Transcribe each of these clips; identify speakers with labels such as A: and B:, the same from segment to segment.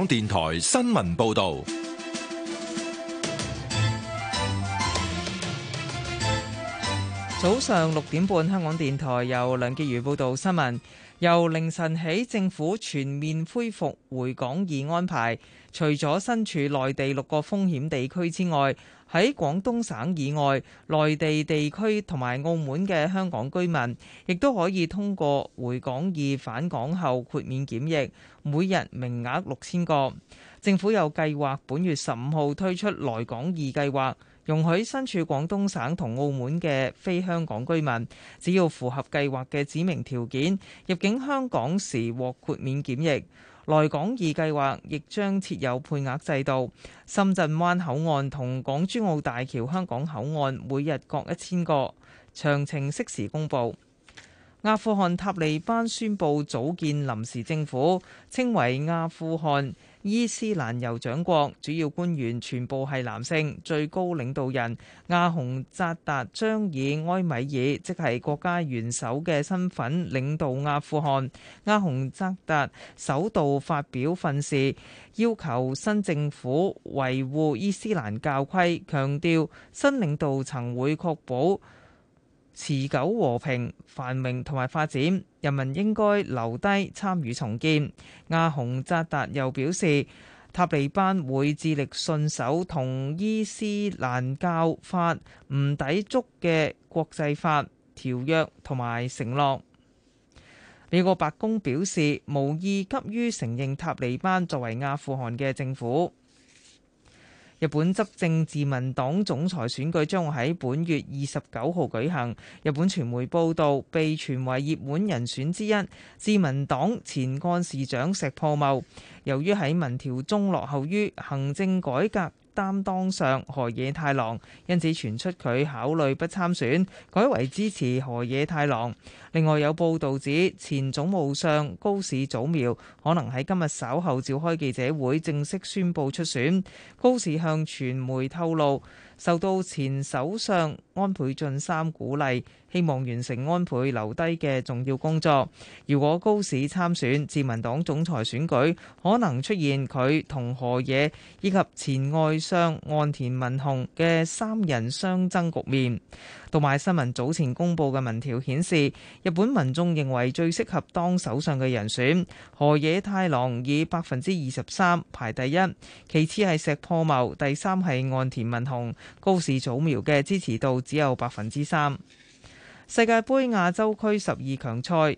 A: 香港電台新聞報道：
B: 早上六點半，香港電台由梁潔如報道新聞。由凌晨起，政府全面恢復回港易安排。除咗身處內地六個風險地區之外，喺廣東省以外內地地區同埋澳門嘅香港居民，亦都可以通過回港易返港後豁免檢疫，每日名額六千個。政府又計劃本月十五號推出來港易計劃，容許身處廣東省同澳門嘅非香港居民，只要符合計劃嘅指明條件，入境香港時獲豁免檢疫。來港易計劃亦將設有配額制度，深圳灣口岸同港珠澳大橋香港口岸每日各一千個，詳情適時公布。阿富汗塔利班宣布組建臨時政府，稱為阿富汗。伊斯蘭酋長國主要官員全部係男性，最高領導人阿洪扎達將以埃米爾，即係國家元首嘅身份領導阿富汗。阿洪扎達首度發表訓示，要求新政府維護伊斯蘭教規，強調新領導層會確保持久和平、繁榮同埋發展，人民應該留低參與重建。阿洪扎達又表示，塔利班會致力信守同伊斯蘭教法唔抵觸嘅國際法條約同埋承諾。美國白宮表示無意急於承認塔利班作為阿富汗嘅政府。日本執政自民黨總裁選舉將喺本月二十九號舉行。日本傳媒報道，被傳為熱門人選之一，自民黨前幹事長石破茂，由於喺民調中落後於行政改革。擔當上河野太郎，因此傳出佢考慮不參選，改為支持河野太郎。另外有報道指，前總務相高市早苗可能喺今日稍後召開記者會，正式宣布出選。高市向傳媒透露，受到前首相安倍晉三鼓勵。希望完成安倍留低嘅重要工作。如果高市參選自民黨總裁選舉，可能出現佢同河野以及前外相岸田文雄嘅三人相爭局面。同埋，新聞早前公布嘅民調顯示，日本民眾認為最適合當首相嘅人選河野太郎以百分之二十三排第一，其次係石破茂，第三係岸田文雄。高市早苗嘅支持度只有百分之三。世界盃亞洲區十二強賽，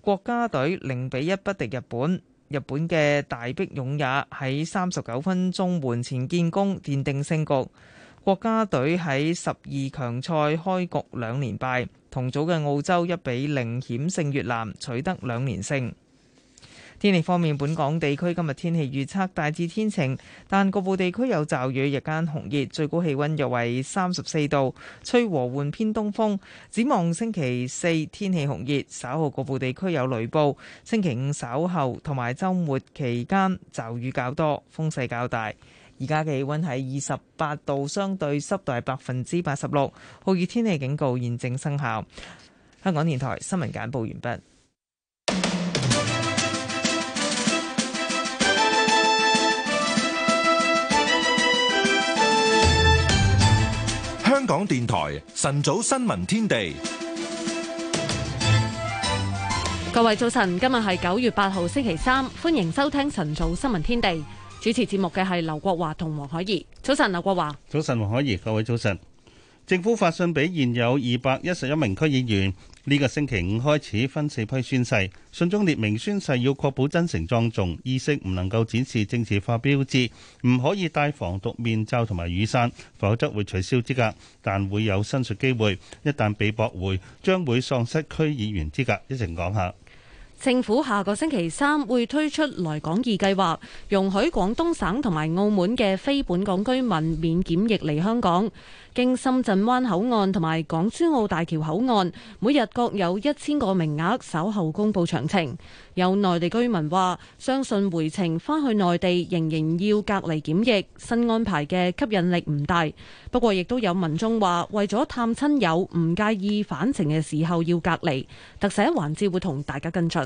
B: 國家隊零比一不敵日本。日本嘅大迫勇也喺三十九分鐘門前建功，奠定勝局。國家隊喺十二強賽開局兩連敗，同組嘅澳洲一比零險勝越南，取得兩連勝。天氣方面，本港地區今日天氣預測，大致天晴，但局部地區有驟雨，日間酷熱，最高氣溫約為三十四度，吹和緩偏東風。展望星期四天氣酷熱，稍後局部地區有雷暴。星期五稍後同埋週末期間驟雨較多，風勢較大。而家嘅氣溫喺二十八度，相對濕度係百分之八十六，酷熱天氣警告現正生效。香港電台新聞簡報完畢。
A: 港電台晨早新聞天地，
C: 各位早晨，今日係九月八號星期三，歡迎收聽晨早新聞天地。主持節目嘅係劉國華同黃海怡。早晨，劉國華。
D: 早晨，黃海怡。各位早晨。政府發信俾現有二百一十一名區議員。呢個星期五開始分四批宣誓，信中列明宣誓要確保真誠莊重，儀式唔能夠展示政治化標誌，唔可以戴防毒面罩同埋雨傘，否則會取消資格，但會有申述機會。一旦被駁回，將會喪失區議員資格。一陣講下。
C: 政府下個星期三會推出來港易計劃，容許廣東省同埋澳門嘅非本港居民免檢疫嚟香港，經深圳灣口岸同埋港珠澳大橋口岸，每日各有一千個名額，稍後公佈詳情。有內地居民話：相信回程返去內地仍然要隔離檢疫，新安排嘅吸引力唔大。不過，亦都有民眾話，為咗探親友，唔介意返程嘅時候要隔離。特寫環節會同大家跟進。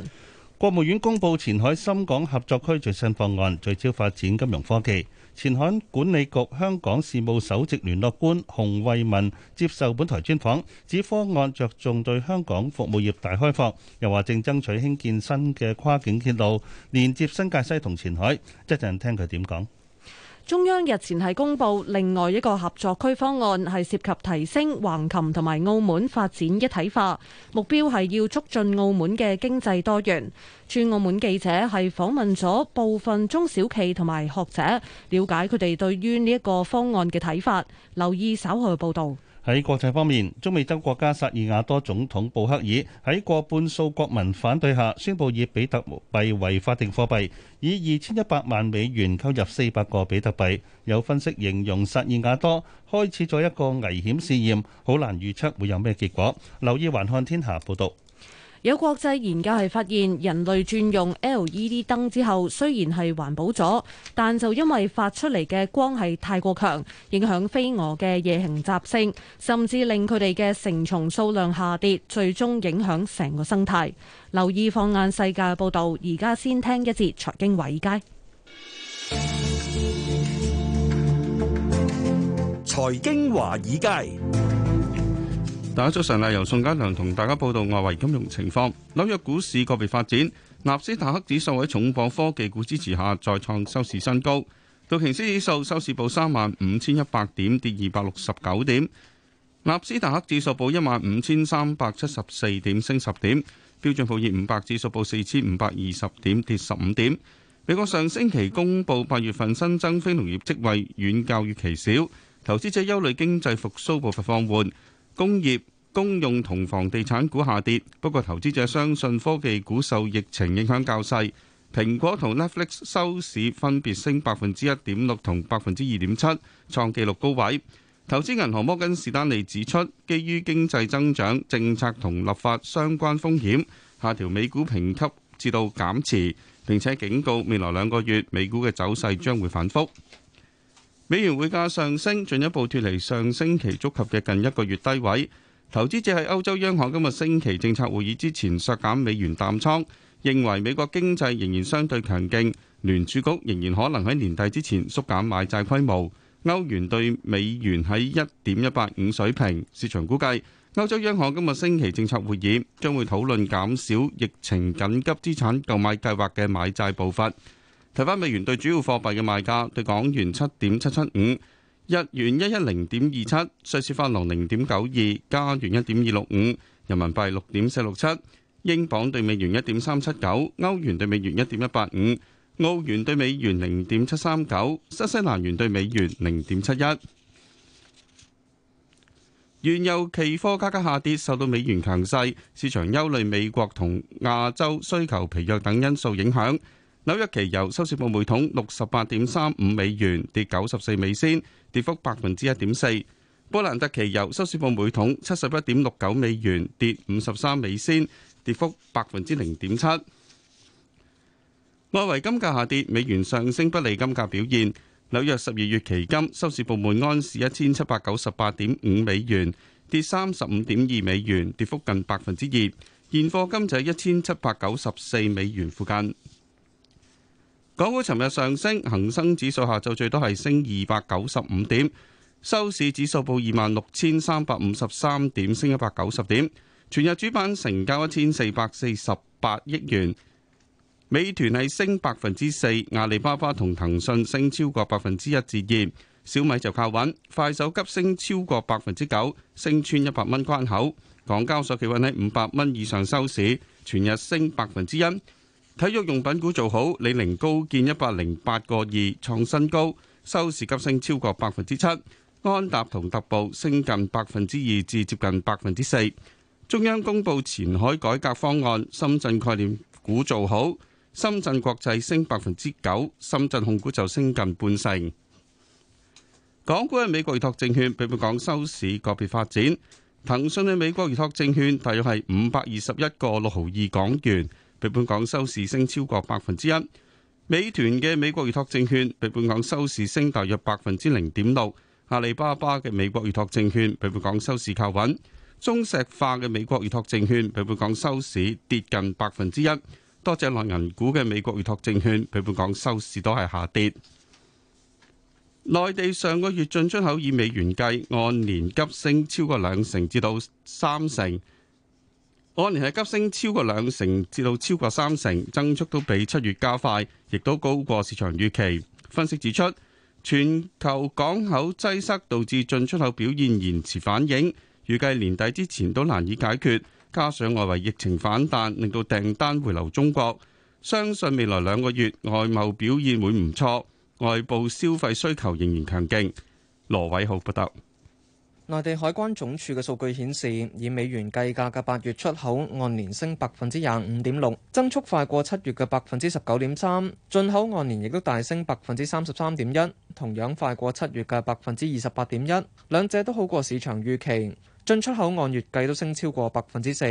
D: 國務院公布前海深港合作區最新方案，聚焦發展金融科技。前海管理局香港事務首席聯絡官洪為民接受本台專訪，指方案着重對香港服務業大開放，又話正爭取興建新嘅跨境鐵路，連接新界西同前海。一陣聽佢點講。
C: 中央日前係公布另外一個合作區方案，係涉及提升橫琴同埋澳門發展一體化，目標係要促進澳門嘅經濟多元。駐澳門記者係訪問咗部分中小企同埋學者，了解佢哋對於呢一個方案嘅睇法。留意稍後嘅報道。
D: 喺國際方面，中美洲國家薩爾瓦多總統布克爾喺過半數國民反對下，宣佈以比特幣為法定貨幣，以二千一百萬美元購入四百個比特幣。有分析形容薩爾瓦多開始咗一個危險試驗，好難預測會有咩結果。留意環看天下報導。
C: 有國際研究係發現，人類轉用 LED 燈之後，雖然係環保咗，但就因為發出嚟嘅光係太過強，影響飛蛾嘅夜行習性，甚至令佢哋嘅成蟲數量下跌，最終影響成個生態。留意《放眼世界報導》報道，而家先聽一節財經華爾街。
A: 財經華爾街。
E: 大家早晨啦！由宋家良同大家報道外圍金融情況。紐約股市個別發展，納斯達克指數喺重磅科技股支持下再創收市新高。道瓊斯指數收市報三萬五千一百點，跌二百六十九點。納斯達克指數報一萬五千三百七十四點，升十點。標準普爾五百指數報四千五百二十點，跌十五點。美國上星期公布八月份新增非農業職位遠較預期少，投資者憂慮經濟復甦步伐放緩。工業、公用同房地產股下跌，不過投資者相信科技股受疫情影響較細。蘋果同 Netflix 收市分別升百分之一點六同百分之二點七，創紀錄高位。投資銀行摩根士丹利指出，基於經濟增長、政策同立法相關風險，下調美股評級至到減持，並且警告未來兩個月美股嘅走勢將會反覆。美元匯價上升，進一步脫離上星期觸及嘅近一個月低位。投資者喺歐洲央行今日星期政策會議之前削減美元淡倉，認為美國經濟仍然相對強勁，聯儲局仍然可能喺年底之前縮減買債規模。歐元對美元喺一點一八五水平，市場估計歐洲央行今日星期政策會議將會討論減少疫情緊急資產購買計劃嘅買債步伐。睇返美元兌主要貨幣嘅賣價，兌港元七點七七五，日元一一零點二七，瑞士法郎零點九二，加元一點二六五，人民幣六點四六七，英鎊兌美元一點三七九，歐元兌美元一點一八五，澳元兌美元零點七三九，新西蘭元兌美元零點七一。原油期貨價格下跌，受到美元強勢、市場憂慮美國同亞洲需求疲弱等因素影響。紐約期油收市報每桶六十八點三五美元，跌九十四美仙，跌幅百分之一點四。布蘭特期油收市報每桶七十一點六九美元，跌五十三美仙，跌幅百分之零點七。外圍金價下跌，美元上升不利金價表現。紐約十二月期金收市報每安士一千七百九十八點五美元，跌三十五點二美元，跌幅近百分之二。現貨金就喺一千七百九十四美元附近。港股尋日上升，恒生指數下晝最多係升二百九十五點，收市指數報二萬六千三百五十三點，升一百九十點。全日主板成交一千四百四十八億元。美團係升百分之四，阿里巴巴同騰訊升超過百分之一至二，小米就靠穩，快手急升超過百分之九，升穿一百蚊關口。港交所企穩喺五百蚊以上收市，全日升百分之一。體育用品股做好，李寧高見一百零八個二創新高，收市急升超過百分之七。安踏同特步升近百分之二至接近百分之四。中央公布前海改革方案，深圳概念股做好，深圳國際升百分之九，深圳控股就升近半成。港股嘅美國預託證券，比佢講收市個別發展。騰訊嘅美國預託證券大約係五百二十一個六毫二港元。比本港收市升超過百分之一，美團嘅美國預託證券，比本港收市升大約百分之零點六；阿里巴巴嘅美國預託證券，比本港收市靠穩；中石化嘅美國預託證券，比本港收市跌近百分之一。多隻內銀股嘅美國預託證券，比本港收市都係下跌。內地上個月進出口以美元計，按年急升超過兩成至到三成。按年係急升，超過兩成，至到超過三成，增速都比七月加快，亦都高過市場預期。分析指出，全球港口擠塞導致進出口表現延遲反應，預計年底之前都難以解決，加上外圍疫情反彈令到訂單回流中國，相信未來兩個月外貿表現會唔錯，外部消費需求仍然強勁。羅偉浩報道。
F: 內地海關總署嘅數據顯示，以美元計價嘅八月出口按年升百分之廿五點六，增速快過七月嘅百分之十九點三；進口按年亦都大升百分之三十三點一，同樣快過七月嘅百分之二十八點一。兩者都好過市場預期，進出口按月計都升超過百分之四。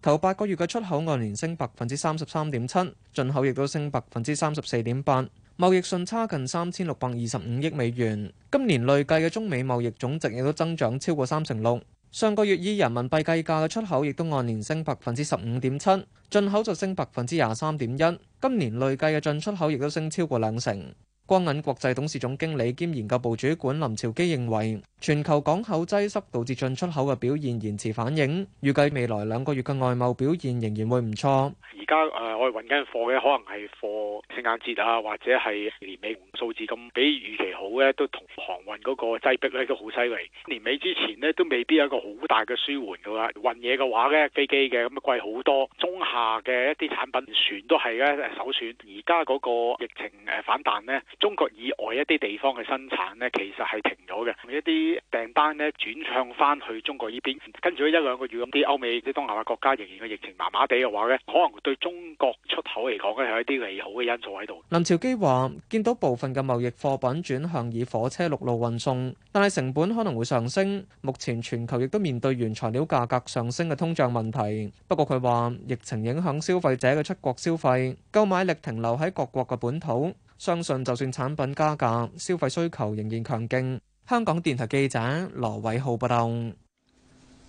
F: 頭八個月嘅出口按年升百分之三十三點七，進口亦都升百分之三十四點八。貿易順差近三千六百二十五億美元，今年累計嘅中美貿易總值亦都增長超過三成六。上個月以人民幣計價嘅出口亦都按年升百分之十五點七，進口就升百分之廿三點一。今年累計嘅進出口亦都升超過兩成。光銀國際董事總經理兼研究部主管林朝基認為，全球港口擠塞導致進出口嘅表現延遲反應，預計未來兩個月嘅外貿表現仍然會唔錯。
G: 而家誒，我哋運緊嘅貨咧，可能係貨聖誕節啊，或者係年尾數字咁比預期好咧，都同航運嗰個擠逼咧都好犀利。年尾之前呢都未必有一個好大嘅舒緩噶啦，運嘢嘅話咧，飛機嘅咁啊貴好多，中下嘅一啲產品船都係咧誒首選。而家嗰個疫情誒反彈咧。中國以外一啲地方嘅生產咧，其實係停咗嘅，一啲訂單咧轉向返去中國呢邊，跟住一兩個月咁，啲歐美嘅東南亞嘅國家仍然個疫情麻麻地嘅話咧，可能對中國出口嚟講咧係一啲利好嘅因素喺度。
F: 林朝基話：見到部分嘅貿易貨品轉向以火車陸路運送，但係成本可能會上升。目前全球亦都面對原材料價格上升嘅通脹問題。不過佢話疫情影響消費者嘅出國消費，購買力停留喺各國嘅本土。相信就算產品加價，消費需求仍然強勁。香港電台記者羅偉浩報道。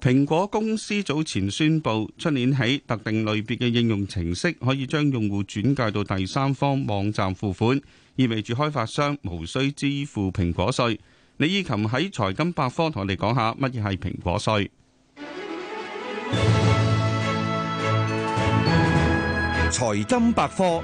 E: 蘋果公司早前宣佈，出年起特定類別嘅應用程式可以將用戶轉介到第三方網站付款，意味住開發商無需支付蘋果稅。李以琴喺財金百科同我哋講下乜嘢係蘋果稅。財
H: 金百科。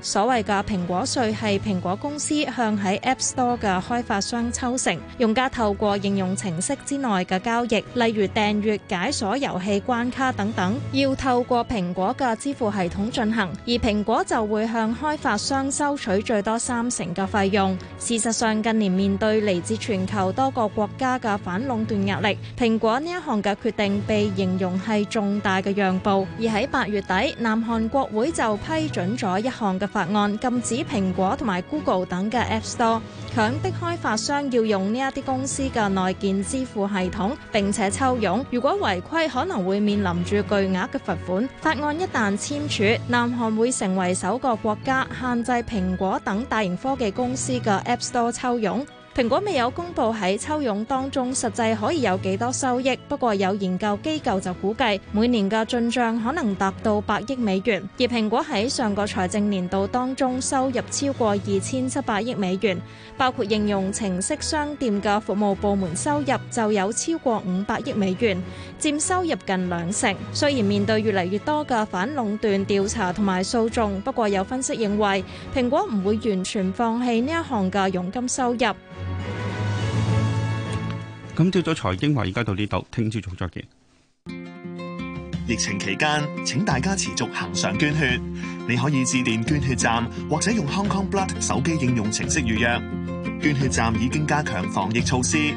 I: 所謂嘅蘋果稅係蘋果公司向喺 App Store 嘅開發商抽成，用家透過應用程式之內嘅交易，例如訂閱解鎖遊戲關卡等等，要透過蘋果嘅支付系統進行，而蘋果就會向開發商收取最多三成嘅費用。事實上，近年面對嚟自全球多個國家嘅反壟斷壓力，蘋果呢一項嘅決定被形容係重大嘅讓步，而喺八月底，南韓國會就批准咗一行韓嘅法案禁止蘋果同埋 Google 等嘅 App Store，強迫開發商要用呢一啲公司嘅內建支付系統，並且抽佣。如果違規，可能會面臨住巨額嘅罰款。法案一旦簽署，南韓會成為首個國家限制蘋果等大型科技公司嘅 App Store 抽佣。蘋果未有公布喺抽佣當中實際可以有幾多收益，不過有研究機構就估計每年嘅進帳可能達到百億美元。而蘋果喺上個財政年度當中收入超過二千七百億美元，包括應用程式商店嘅服務部門收入就有超過五百億美元，佔收入近兩成。雖然面對越嚟越多嘅反壟斷調查同埋訴訟，不過有分析認為蘋果唔會完全放棄呢一項嘅佣金收入。
E: 咁朝早財經話而家到呢度，聽朝再再見。
D: 疫情期間，請大家持續行善捐血。你可以致電捐血站，或者用 Hong Kong Blood 手機應用程式預約。捐血站已經加強防疫措施，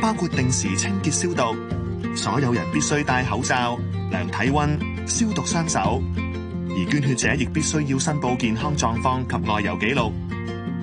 D: 包括定時清潔消毒，所有人必須戴口罩、量體溫、消毒雙手，而捐血者亦必須要申報健康狀況及外遊紀錄。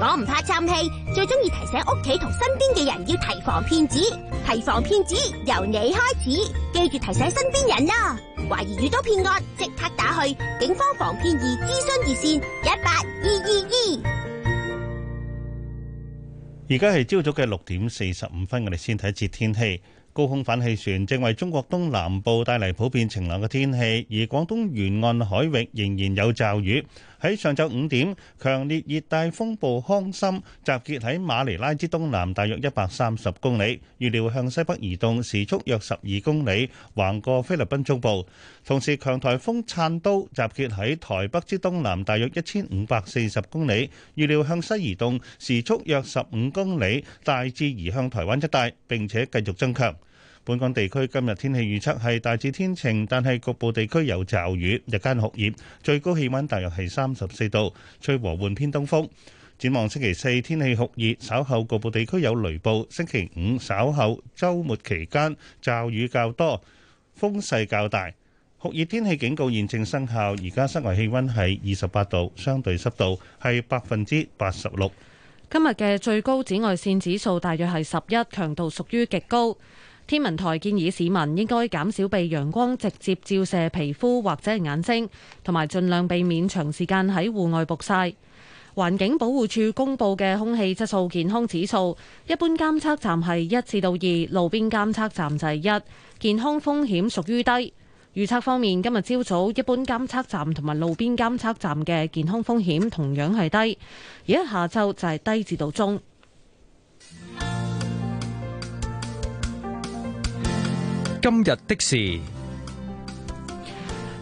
J: 我唔怕長氣，最中意提醒屋企同身邊嘅人要提防騙子。提防騙子，由你開始，記住提醒身邊人啦。懷疑遇到騙案，即刻打去警方防騙易諮詢熱線，一八二二二。
D: 而家係朝早嘅六點四十五分，我哋先睇一節天氣。高空反氣旋正為中國東南部帶嚟普遍晴朗嘅天氣，而廣東沿岸海域仍然有驟雨。喺上晝五點，強烈熱帶風暴康森集結喺馬尼拉之東南，大約一百三十公里，預料向西北移動，時速約十二公里，橫過菲律賓中部。同時，強颱風燦都集結喺台北之東南，大約一千五百四十公里，預料向西移動，時速約十五公里，大致移向台灣一帶，並且繼續增強。本港地區今日天氣預測係大致天晴，但係局部地區有驟雨。日間酷熱，最高氣溫大約係三十四度，吹和緩偏東風。展望星期四天氣酷熱，稍後局部地區有雷暴。星期五稍後周末期間驟雨較多，風勢較大。酷熱天氣警告現正生效。而家室外氣溫係二十八度，相對濕度係百分之八十六。
C: 今日嘅最高紫外線指數大約係十一，強度屬於極高。天文台建議市民應該減少被陽光直接照射皮膚或者眼睛，同埋盡量避免長時間喺戶外曝曬。環境保護署公布嘅空氣質素健康指數，一般監測站係一至到二，路邊監測站就係一，健康風險屬於低。預測方面，今日朝早一般監測站同埋路邊監測站嘅健康風險同樣係低，而喺下晝就係低至到中。
K: 今日的事，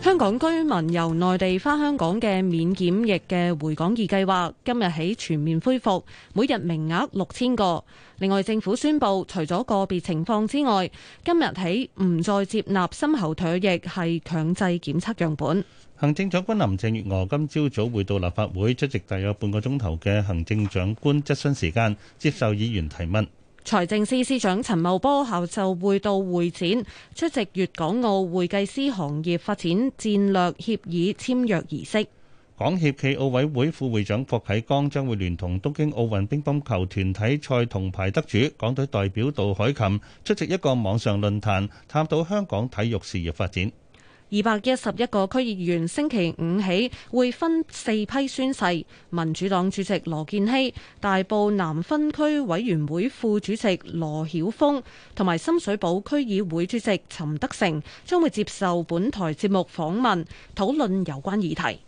C: 香港居民由內地返香港嘅免檢疫嘅回港易計劃今日起全面恢復，每日名額六千個。另外，政府宣布，除咗個別情況之外，今日起唔再接納深喉唾液係強制檢測樣本
D: 行政長官林鄭月娥今朝早會到立法會出席大約半個鐘頭嘅行政長官質詢時間，接受議員提問。
C: 財政司司長陳茂波後晝會到會展出席粵港澳會計師行業發展戰略協議
D: 簽約儀式。港協暨奧委會副會長霍啟剛將會聯同東京奧運乒乓球團體賽銅牌得主港隊代表杜凱琹出席一個網上論壇，探討香港體育事業發展。
C: 二百一十一個區議員星期五起會分四批宣誓，民主黨主席羅健熙、大埔南分區委員會副主席羅曉峰，同埋深水埗區議會主席陳德成將會接受本台節目訪問，討論有關議題。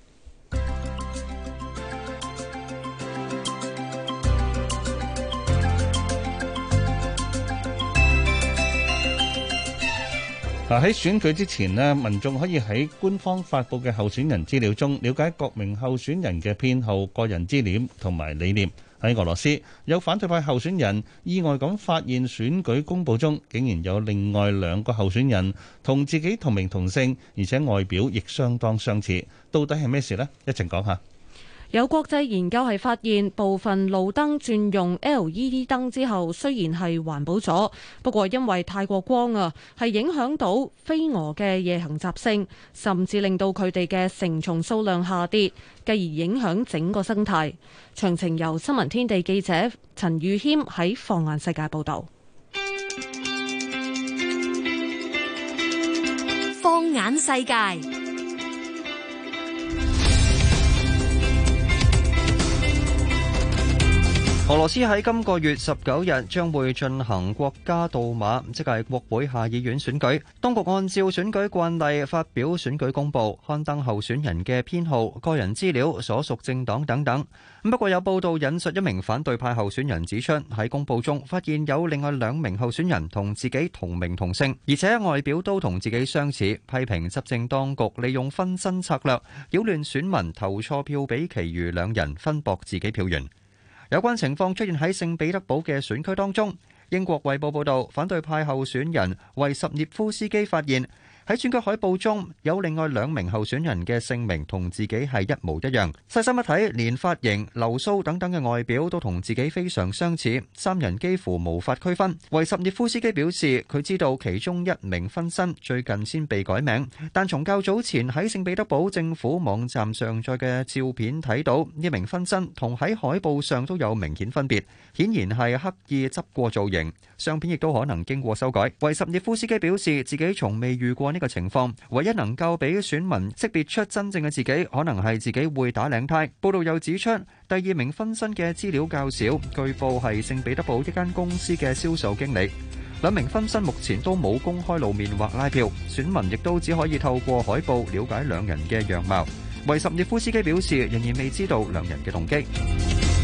D: 嗱，喺選舉之前呢，民眾可以喺官方發佈嘅候選人資料中了解各名候選人嘅偏好、個人資料同埋理念。喺俄羅斯，有反對派候選人意外咁發現選舉公布中竟然有另外兩個候選人同自己同名同姓，而且外表亦相當相似。到底係咩事呢？一齊講下。
C: 有國際研究係發現，部分路燈轉用 LED 燈之後，雖然係環保咗，不過因為太過光啊，係影響到飛蛾嘅夜行習性，甚至令到佢哋嘅成蟲數量下跌，繼而影響整個生態。詳情由新聞天地記者陳宇謙喺放眼世界報導。放眼世界。
H: 俄羅斯喺今個月十九日將會進行國家杜馬，即係國會下議院選舉。當局按照選舉慣例發表選舉公布，刊登候選人嘅編號、個人資料、所屬政黨等等。不過有報道引述一名反對派候選人指出，喺公布中發現有另外兩名候選人同自己同名同姓，而且外表都同自己相似，批評執政當局利用分身策略擾亂選民投錯票，俾其餘兩人分薄自己票源。有關情況出現喺聖彼得堡嘅選區當中。英國《衛報》報導，反對派候選人維什涅夫斯基發現，喺選舉海報中有另外兩名候選人嘅姓名同自己係一模一樣，細心一睇，連髮型、留鬚等等嘅外表都同自己非常相似，三人幾乎無法區分。維什涅夫斯基表示，佢知道其中一名分身最近先被改名，但從較早前喺聖彼得堡政府網站上載嘅照片睇到，呢名分身同喺海報上都有明顯分別，顯然係刻意執過造型，相片亦都可能經過修改。維什涅夫斯基表示，自己從未遇過。呢個情況，唯一能夠俾選民識別出真正嘅自己，可能係自己會打領呔。報道又指出，第二名分身嘅資料較少，據報係聖彼得堡一間公司嘅銷售經理。兩名分身目前都冇公開露面或拉票，選民亦都只可以透過海報了解兩人嘅樣貌。維什涅夫斯基表示，仍然未知道兩人嘅動機。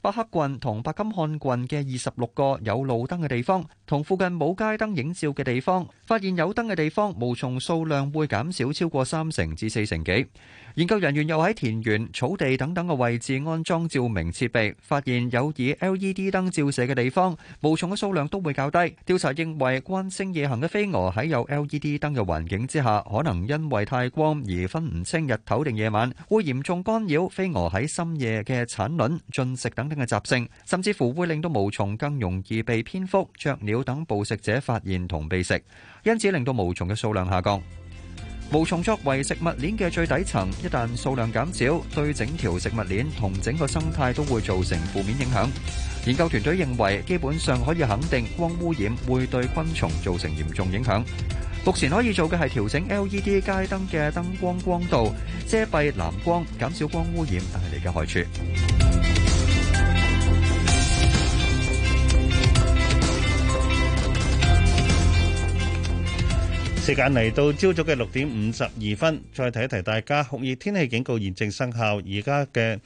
H: 北黑郡同白金漢郡嘅二十六個有路燈嘅地方，同附近冇街燈影照嘅地方，發現有燈嘅地方，毛蟲數量會減少超過三成至四成幾。研究人員又喺田園、草地等等嘅位置安裝照明設備，發現有以 LED 燈照射嘅地方，毛蟲嘅數量都會較低。調查認為，慣性夜行嘅飛蛾喺有 LED 燈嘅環境之下，可能因為太光而分唔清日頭定夜晚，會嚴重干擾飛蛾喺深夜嘅產卵、進食等嘅習性，甚至乎會令到毛蟲更容易被蝙蝠、雀鳥等捕食者發現同被食，因此令到毛蟲嘅數量下降。毛蟲作為食物鏈嘅最底層，一旦數量減少，對整條食物鏈同整個生態都會造成負面影響。研究團隊認為，基本上可以肯定光污染會對昆蟲造成嚴重影響。目前可以做嘅係調整 LED 街燈嘅燈光光度，遮蔽藍光，減少光污染帶嚟嘅害處。
D: 時間嚟到朝早嘅六點五十二分，再提一提大家酷熱天氣警告現正生效。而家嘅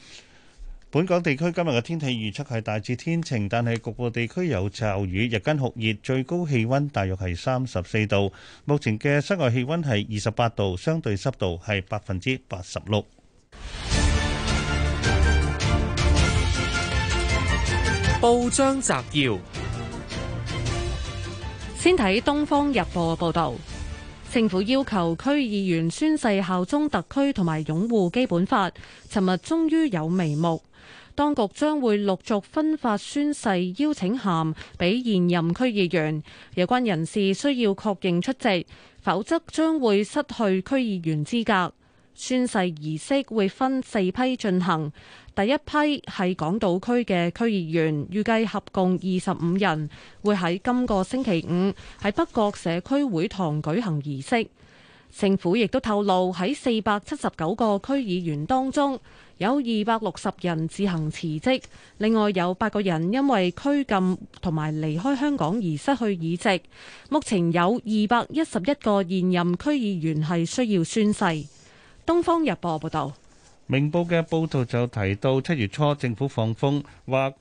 D: 本港地區今日嘅天氣預測係大致天晴，但係局部地區有驟雨。日間酷熱，最高氣溫大約係三十四度。目前嘅室外氣溫係二十八度，相對濕度係百分之八十六。
F: 報章
L: 摘要，
C: 先睇《東方日報》嘅報道。政府要求區議員宣誓效忠特區同埋擁護基本法。尋日終於有眉目，當局將會陸續分發宣誓邀請函俾現任區議員，有關人士需要確認出席，否則將會失去區議員資格。宣誓儀式會分四批進行。第一批係港島區嘅區議員，預計合共二十五人，會喺今個星期五喺北角社區會堂舉行儀式。政府亦都透露，喺四百七十九個區議員當中有二百六十人自行辭職，另外有八個人因為拘禁同埋離開香港而失去議席。目前有二百一十一個現任區議員係需要宣誓。《東方日報》報道。
D: 明報嘅報道就提到，七月初政府放風，話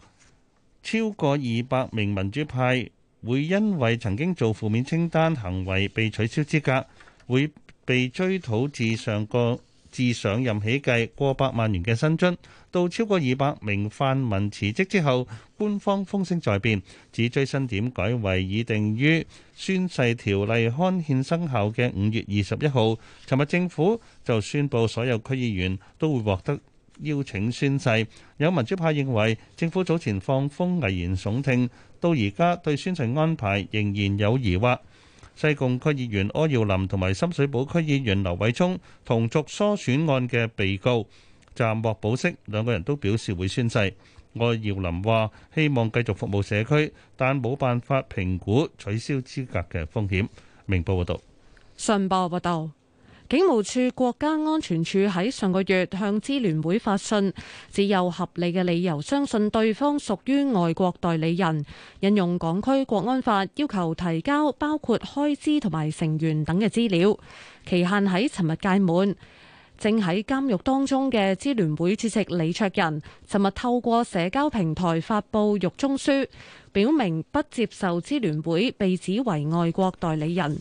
D: 超過二百名民主派會因為曾經做負面清單行為被取消資格，會被追討至上個。自上任起計，過百萬元嘅薪津，到超過二百名泛民辭職之後，官方風聲在變，指最新點改為已定於宣誓條例刊憲生效嘅五月二十一號。尋日政府就宣布所有區議員都會獲得邀請宣誓。有民主派認為政府早前放風危言聳聽，到而家對宣誓安排仍然有疑惑。西貢區議員柯耀林同埋深水埗區議員劉偉聰同屬初選案嘅被告暫獲保釋，兩個人都表示會宣誓。柯耀林話：希望繼續服務社區，但冇辦法評估取消資格嘅風險。明報報道。
C: 信報報道。警務處國家安全處喺上個月向支聯會發信，只有合理嘅理由相信對方屬於外國代理人，引用港區國安法要求提交包括開支同埋成員等嘅資料，期限喺尋日屆滿。正喺監獄當中嘅支聯會主席李卓人尋日透過社交平台發布獄中書，表明不接受支聯會被指為外國代理人。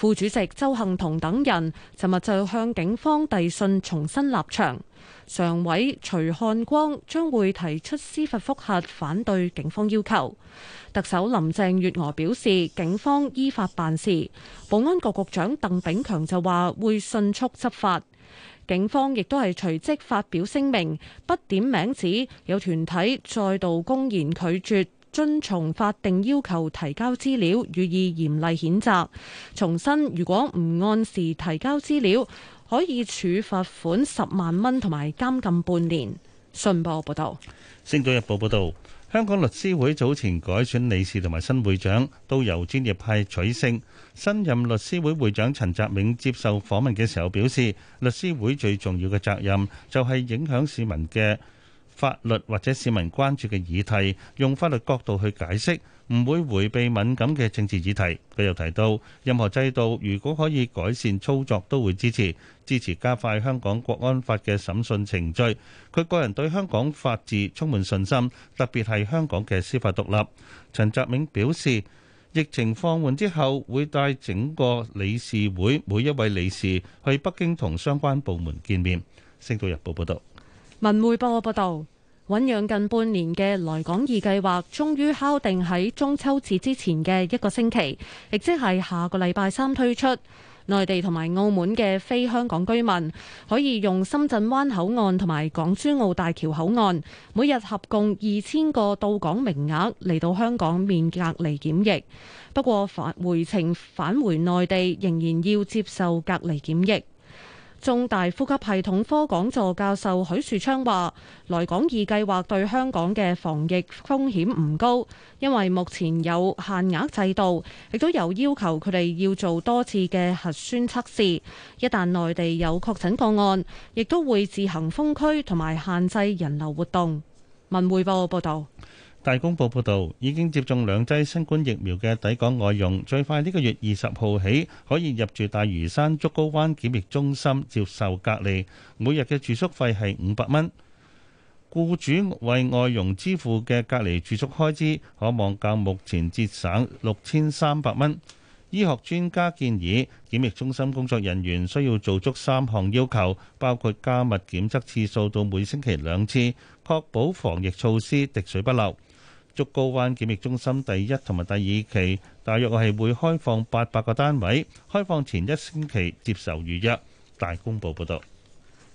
C: 副主席鄒幸彤等人，尋日就向警方遞信重新立場。常委徐漢光將會提出司法覆核，反對警方要求。特首林鄭月娥表示警方依法辦事。保安局局長鄧炳強就話會迅速執法。警方亦都係隨即發表聲明，不點名指有團體再度公然拒絕。遵從法定要求提交資料，予以嚴厲譴責。重申，如果唔按時提交資料，可以處罰款十萬蚊同埋監禁半年。《信報》報道：
D: 《星島日報》報道，香港律師會早前改選理事同埋新會長，都由專業派取勝。新任律師會會長陳澤銘接受訪問嘅時候表示，律師會最重要嘅責任就係影響市民嘅。法律或者市民關注嘅議題，用法律角度去解釋，唔會迴避敏感嘅政治議題。佢又提到，任何制度如果可以改善操作，都會支持，支持加快香港國安法嘅審訊程序。佢個人對香港法治充滿信心，特別係香港嘅司法獨立。陳澤銘表示，疫情放緩之後，會帶整個理事會每一位理事去北京同相關部門見面。星島日報報導。
C: 文匯報報道，醞釀近半年嘅來港易計劃終於敲定喺中秋節之前嘅一個星期，亦即係下個禮拜三推出。內地同埋澳門嘅非香港居民可以用深圳灣口岸同埋港珠澳大橋口岸，每日合共二千個到港名額嚟到香港免隔離檢疫。不過返回程返回內地仍然要接受隔離檢疫。中大呼吸系統科講座教授許樹昌話來港二計劃對香港嘅防疫風險唔高，因為目前有限額制度，亦都有要求佢哋要做多次嘅核酸測試，一旦內地有確診個案，亦都會自行封區同埋限制人流活動，文匯報報道。
D: 大公報報導，已經接種兩劑新冠疫苗嘅抵港外傭，最快呢個月二十號起可以入住大嶼山竹篙灣檢疫中心接受隔離，每日嘅住宿費係五百蚊。僱主為外佣支付嘅隔離住宿開支，可望較目前節省六千三百蚊。醫學專家建議，檢疫中心工作人員需要做足三項要求，包括加密檢測次數到每星期兩次，確保防疫措施滴水不漏。竹篙灣檢疫中心第一同埋第二期，大約係會開放八百個單位，開放前一星期接受預約。大公報報道，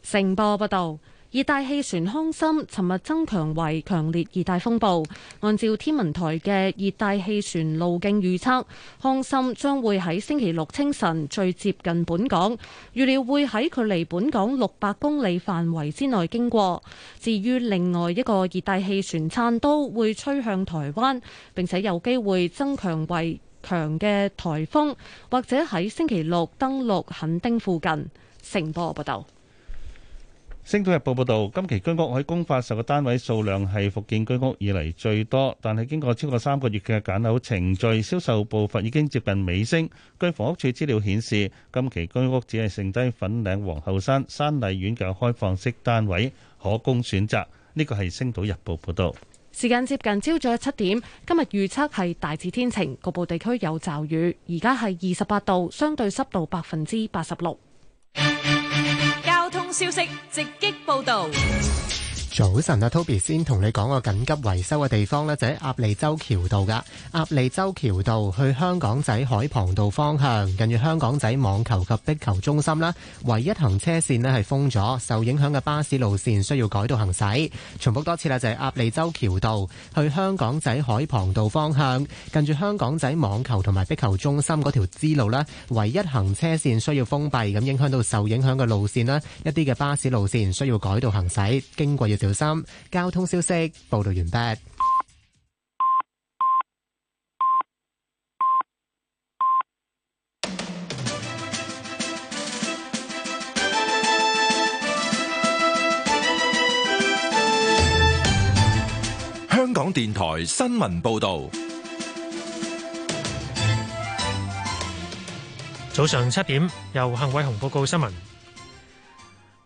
C: 成報報道。熱帶氣旋康森，尋日增強為強烈熱帶風暴。按照天文台嘅熱帶氣旋路徑預測，康森將會喺星期六清晨最接近本港，預料會喺距離本港六百公里範圍之內經過。至於另外一個熱帶氣旋燦都，會吹向台灣，並且有機會增強為強嘅颱風，或者喺星期六登陸墾丁附近。成波報道。
D: 星島日報報道，今期居屋可供發售嘅單位數量係復建居屋以嚟最多，但係經過超過三個月嘅揀樓程序，銷售步伐已經接近尾聲。據房屋署資料顯示，今期居屋只係剩低粉嶺皇后山山麗苑嘅開放式單位可供選擇。呢個係星島日報報道。
C: 時間接近朝早七點，今日預測係大致天晴，局部地區有驟雨。而家係二十八度，相對濕度百分之八十六。消息直擊報導。
L: 早晨啊，Toby 先同你講個緊急維修嘅地方咧，就喺鴨脷洲橋道噶。鴨脷洲橋道去香港仔海旁道方向，近住香港仔網球及壁球中心啦，唯一行車線咧係封咗，受影響嘅巴士路線需要改道行駛。重複多次啦，就係鴨脷洲橋道去香港仔海旁道方向，近住香港仔網球同埋壁球中心嗰條支路咧，唯一行車線需要封閉，咁影響到受影響嘅路線啦，一啲嘅巴士路線需要改道行駛，經過小心。交通消息報道完畢。
A: 香港電台新聞報道。早
M: 上七點，由幸偉雄報告新聞。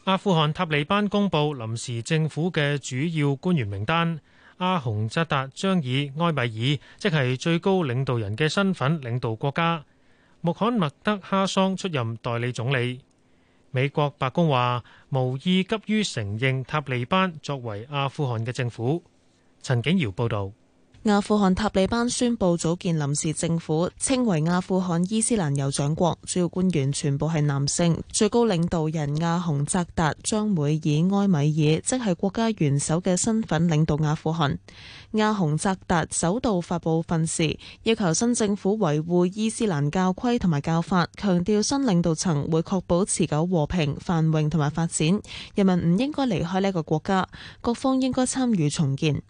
M: 阿富汗塔利班公布臨時政府嘅主要官員名單，阿洪扎達將以埃米爾，即係最高領導人嘅身份領導國家，穆罕默德哈桑出任代理總理。美國白宮話無意急於承認塔利班作為阿富汗嘅政府。陳景瑤報道。
N: 阿富汗塔利班宣布組建臨時政府，稱為阿富汗伊斯蘭酋長國，主要官員全部係男性。最高領導人阿洪扎達將會以埃米爾，即係國家元首嘅身份領導阿富汗。阿洪扎達首度發布訓示，要求新政府維護伊斯蘭教規同埋教法，強調新領導層會確保持久和平、繁榮同埋發展。人民唔應該離開呢個國家，各方應該參與重建。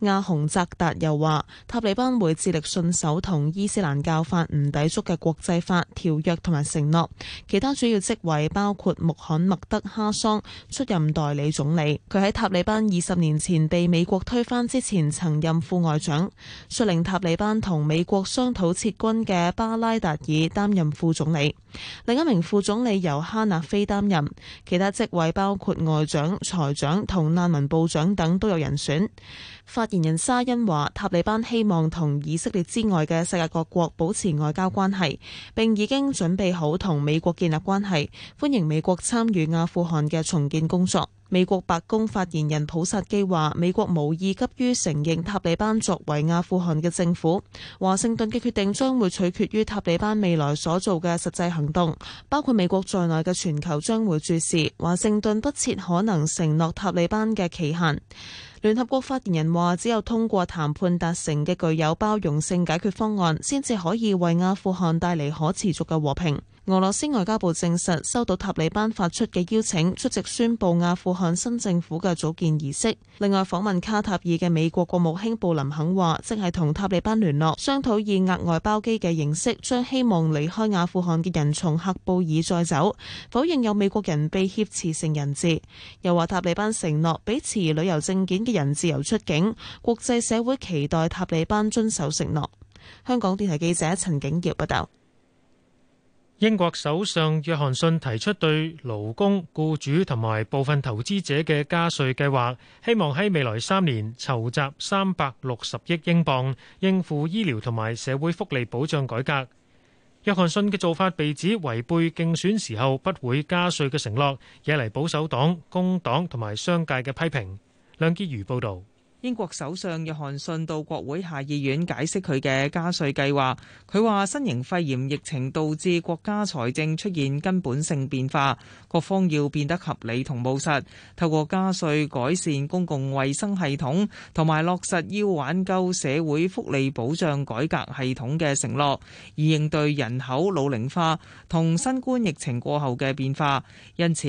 N: 阿洪扎達又話：塔利班會致力信守同伊斯蘭教法唔抵觸嘅國際法條約同埋承諾。其他主要職位包括穆罕默德哈桑出任代理總理，佢喺塔利班二十年前被美國推翻之前曾任副外長。率領塔利班同美國商討撤軍嘅巴拉達爾擔任副總理。另一名副總理由哈納菲擔任，其他職位包括外長、財長同難民部長等都有人選。發言人沙欣話：塔利班希望同以色列之外嘅世界各國保持外交關係，並已經準備好同美國建立關係，歡迎美國參與阿富汗嘅重建工作。美國白宮發言人普薩基話：美國無意急於承認塔利班作為阿富汗嘅政府。華盛頓嘅決定將會取決於塔利班未來所做嘅實際行動，包括美國在內嘅全球將會注視，華盛頓不切可能承諾塔利班嘅期限。聯合國發言人話：只有通過談判達成嘅具有包容性解決方案，先至可以為阿富汗帶嚟可持續嘅和平。俄羅斯外交部證實收到塔利班發出嘅邀請，出席宣佈阿富汗新政府嘅組建儀式。另外，訪問卡塔爾嘅美國國務卿布林肯話，即係同塔利班聯絡，商討以額外包機嘅形式，將希望離開阿富汗嘅人從喀布爾再走。否認有美國人被挾持成人質，又話塔利班承諾俾持旅遊證件嘅人自由出境。國際社會期待塔利班遵守承諾。香港電台記者陳景耀報道。
M: 英國首相約翰遜提出對勞工、僱主同埋部分投資者嘅加稅計劃，希望喺未來三年籌集三百六十億英鎊，應付醫療同埋社會福利保障改革。約翰遜嘅做法被指違背競選時候不會加稅嘅承諾，惹嚟保守黨、工黨同埋商界嘅批評。梁潔如報道。
B: 英國首相約翰遜到國會下議院解釋佢嘅加稅計劃。佢話：新型肺炎疫情導致國家財政出現根本性變化，各方要變得合理同務實，透過加稅改善公共衛生系統，同埋落實要挽救社會福利保障改革系統嘅承諾，以應對人口老齡化同新冠疫情過後嘅變化。因此，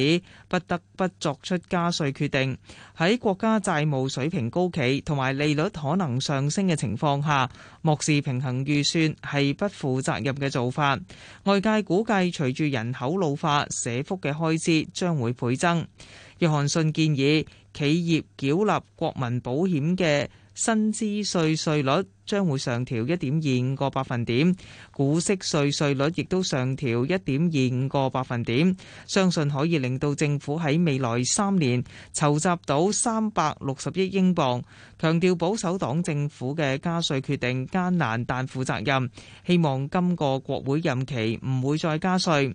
B: 不得不作出加稅決定。喺國家債務水平高企同埋利率可能上升嘅情況下，漠視平衡預算係不負責任嘅做法。外界估計，隨住人口老化，社福嘅開支將會倍增。約翰遜建議企業繳納國民保險嘅薪資稅稅率，將會上調一點二五個百分點，股息稅稅率亦都上調一點二五個百分點，相信可以令到政府喺未來三年籌集到三百六十億英鎊。強調保守黨政府嘅加稅決定艱難，但負責任，希望今個國會任期唔會再加稅。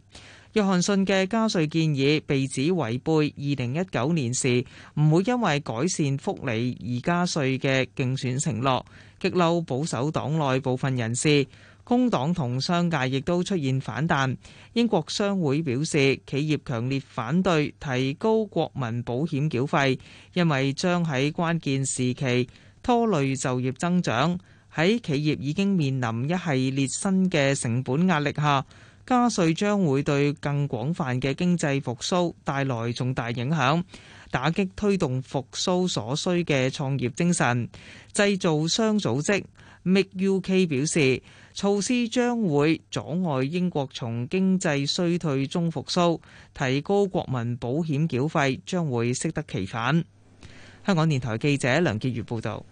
B: 約翰遜嘅加稅建議被指違背二零一九年時唔會因為改善福利而加稅嘅競選承諾。激嬲保守黨內部分人士，工黨同商界亦都出現反彈。英國商會表示，企業強烈反對提高國民保險繳費，因為將喺關鍵時期拖累就業增長。喺企業已經面臨一系列新嘅成本壓力下，加稅將會對更廣泛嘅經濟復甦帶來重大影響。打擊推動復甦所需嘅創業精神，製造商組織 MIC UK 表示，措施將會阻礙英國從經濟衰退中復甦，提高國民保險繳費將會適得其反。香港電台記者梁潔如報導。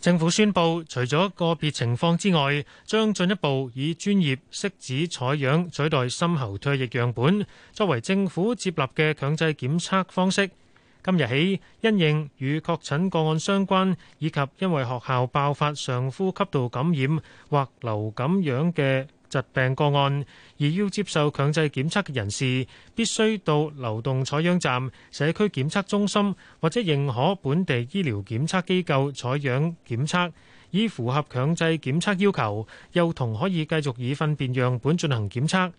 B: 政府宣
M: 布，除咗個別情況之外，將進一步以專業拭子採樣取代深喉唾液樣本，作為政府接納嘅強制檢測方式。今日起，因應與確診個案相關，以及因為學校爆發上呼吸道感染或流感樣嘅。疾病個案而要接受強制檢測嘅人士，必須到流動採樣站、社區檢測中心或者認可本地醫療檢測機構採樣檢測，以符合強制檢測要求，幼童可以繼續以糞便樣本進行檢測。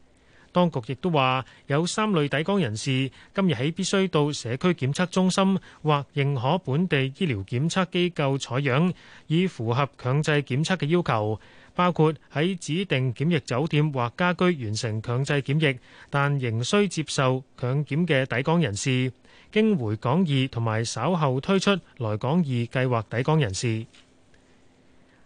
M: 當局亦都話有三類抵港人士今日起必須到社區檢測中心或認可本地醫療檢測機構採樣，以符合強制檢測嘅要求。包括喺指定檢疫酒店或家居完成強制檢疫，但仍需接受強檢嘅抵港人士，經回港易同埋稍後推出來港易計劃抵港人士。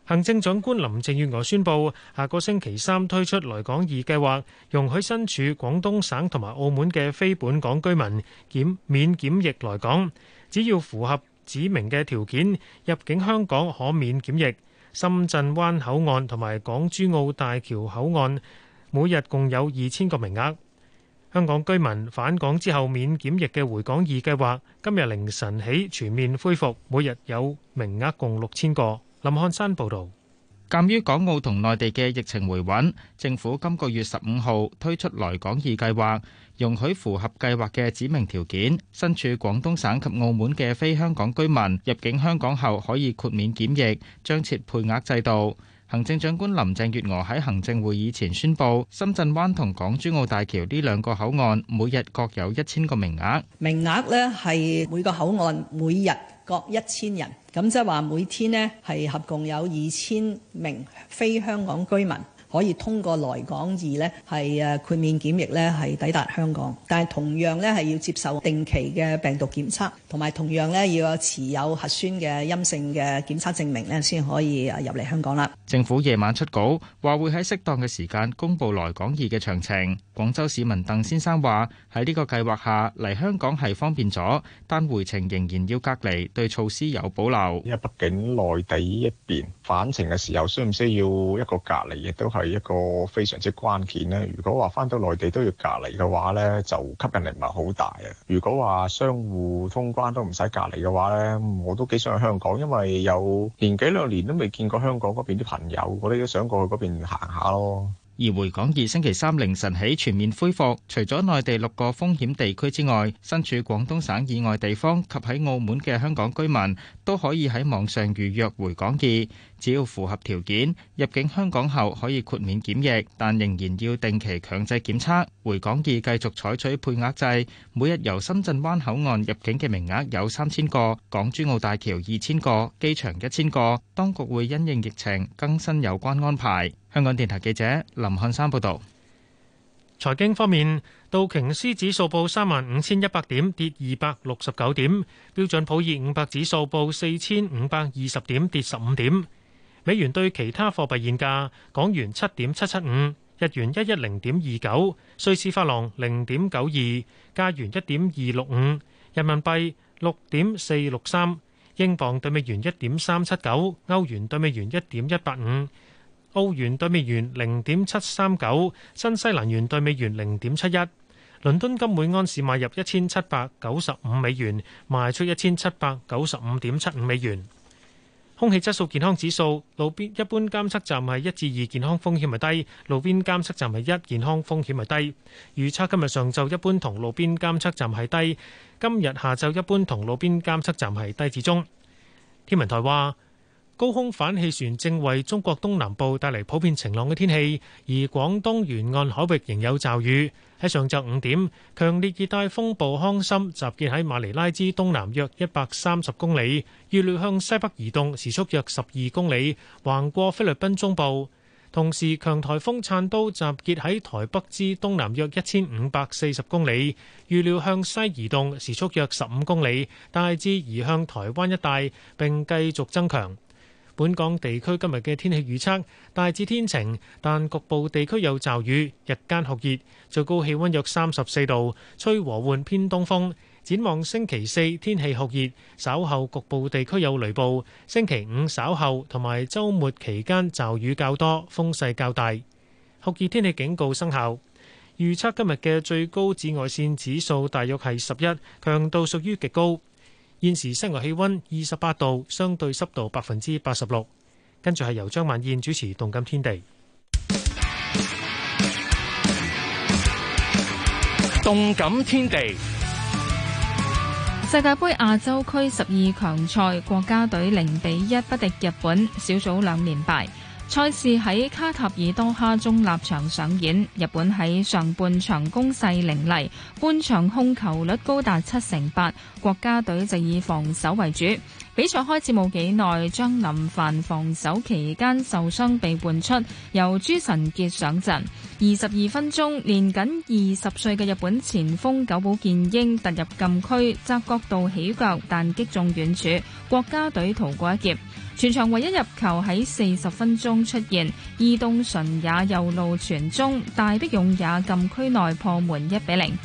M: 行政長官林鄭月娥宣布，下個星期三推出來港易計劃，容許身處廣東省同埋澳門嘅非本港居民減免檢疫來港，只要符合指明嘅條件，入境香港可免檢疫。深圳灣口岸同埋港珠澳大橋口岸每日共有二千個名額，香港居民返港之後免檢疫嘅回港易計劃今日凌晨起全面恢復，每日有名額共六千個，林漢山報道。鑒於港澳同內地嘅疫情回穩，政府今個月十五
O: 號推出來港易計劃，容許符合計劃嘅指明條件、身處廣東省及澳門嘅非香港居民入境香港後可以豁免檢疫，將設配額制度。行政長官林鄭月娥喺行政會議前宣布，深圳灣同港珠澳大橋呢兩個口岸每日各有一千個名額。
J: 名額呢係每個口岸每日各一千人。咁即係話，每天咧係合共有二千名非香港居民，可以通過來港易咧，係誒豁免檢疫咧，係抵達香港，但係同樣咧係要接受定期嘅病毒檢測，同埋同樣咧要有持有核酸嘅陰性嘅檢測證明咧，先可以誒入嚟香港啦。
O: 政府夜晚出稿話會喺適當嘅時間公布來港易嘅詳情。廣州市民鄧先生話喺呢個計劃下嚟香港係方便咗，但回程仍然要隔離，對措施有保留。
F: 因為畢竟內地一邊返程嘅時候，需唔需要一個隔離亦都係。係一個非常之關鍵咧。如果話翻到內地都要隔離嘅話咧，就吸引力唔係好大啊。如果話相互通關都唔使隔離嘅話咧，我都幾想去香港，因為有年幾兩年都未見過香港嗰邊啲朋友，我哋都想過去嗰邊行下咯。
O: 而回港二星期三凌晨起全面恢復，除咗內地六個風險地區之外，身處廣東省以外地方及喺澳門嘅香港居民都可以喺網上預約回港二，只要符合條件，入境香港後可以豁免檢疫，但仍然要定期強制檢測。回港二繼續採取配額制，每日由深圳灣口岸入境嘅名額有三千個，港珠澳大橋二千個，機場一千個。當局會因應疫情更新有關安排。香港電台記者林漢山報道。
M: 財經方面，道瓊斯指數報三萬五千一百點，跌二百六十九點；標準普爾五百指數報四千五百二十點，跌十五點。美元對其他貨幣現價：港元七點七七五，日元一一零點二九，瑞士法郎零點九二，加元一點二六五，人民幣六點四六三，英鎊兌美元一點三七九，歐元兌美元一點一八五。歐元對美元零點七三九，新西蘭元對美元零點七一。倫敦金每安士買入一千七百九十五美元，賣出一千七百九十五點七五美元。空氣質素健康指數，路邊一般監測站係一至二，健康風險係低，路邊監測站係一，健康風險係低。預測今日上晝一般同路邊監測站係低，今日下晝一般同路邊監測站係低至中。天文台話。高空反氣旋正為中國東南部帶嚟普遍晴朗嘅天氣，而廣東沿岸海域仍有驟雨。喺上晝五點，強烈熱帶風暴康森集結喺馬尼拉之東南約一百三十公里，預料向西北移動，時速約十二公里，橫過菲律賓中部。同時，強颱風燦都集結喺台北之東南約一千五百四十公里，預料向西移動，時速約十五公里，大致移向台灣一帶並繼續增強。本港地區今日嘅天氣預測大致天晴，但局部地區有驟雨。日間酷熱，最高氣溫約三十四度，吹和緩偏東風，展望星期四天氣酷熱，稍後局部地區有雷暴。星期五稍後同埋周末期間驟雨較多，風勢較大。酷熱天氣警告生效。預測今日嘅最高紫外線指數大約係十一，強度屬於極高。現時室外氣溫二十八度，相對濕度百分之八十六。跟住係由張曼燕主持《動感天地》。《動感天
G: 地》
P: 世界杯亞洲區十二強賽，國家隊零比一不敵日本，小組兩連敗。賽事喺卡塔爾多哈中立場上演，日本喺上半場攻勢凌厲，半場控球率高達七成八，國家隊就以防守為主。比賽開始冇幾耐，張林凡防守期間受傷被換出，由朱晨傑上陣。二十二分鐘，年僅二十歲嘅日本前鋒久保建英突入禁區，側角度起腳，但擊中遠處，國家隊逃過一劫。全場唯一入球喺四十分鐘出現，伊東純也右路傳中，大迫勇也禁區內破門一比零。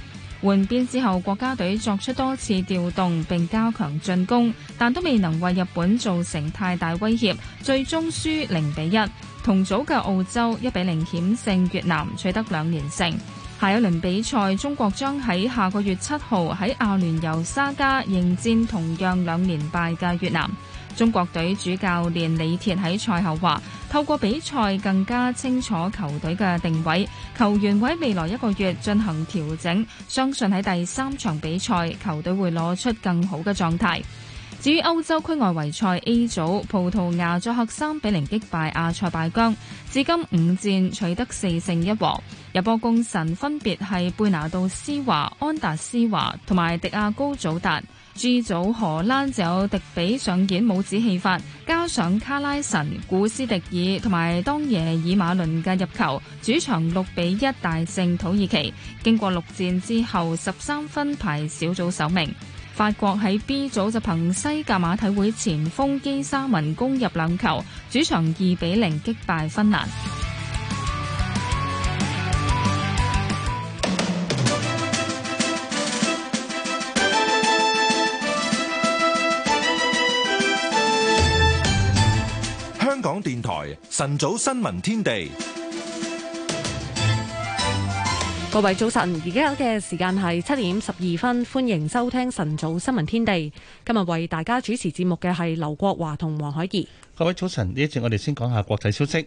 P: 換邊之後，國家隊作出多次調動並加強進攻，但都未能為日本造成太大威脅，最終輸零比一。同組嘅澳洲一比零險勝越南，取得兩連勝。下一輪比賽，中國將喺下個月七號喺阿聯酋沙迦迎戰同樣兩連敗嘅越南。中國隊主教練李鐵喺賽後話：透過比賽更加清楚球隊嘅定位，球員會喺未來一個月進行調整，相信喺第三場比賽球隊會攞出更好嘅狀態。至於歐洲區外圍賽 A 組，葡萄牙作客三比零擊敗亞塞拜疆，至今五戰取得四勝一和，入波功臣分別係貝拿度斯華、安達斯華同埋迪亞高祖達。G 組荷蘭就有迪比上演帽子戲法，加上卡拉神、古斯迪爾同埋當夜爾馬倫嘅入球，主場六比一大勝土耳其。經過六戰之後，十三分排小組首名。法國喺 B 組就憑西甲馬體會前鋒基沙文攻入兩球，主場二比零擊敗芬蘭。
A: 晨早新聞天地，
C: 各位早晨，而家有嘅時間係七點十二分，歡迎收聽晨早新聞天地。今日為大家主持節目嘅係劉國華同黃海怡。
D: 各位早晨，呢一次我哋先講下國際消息。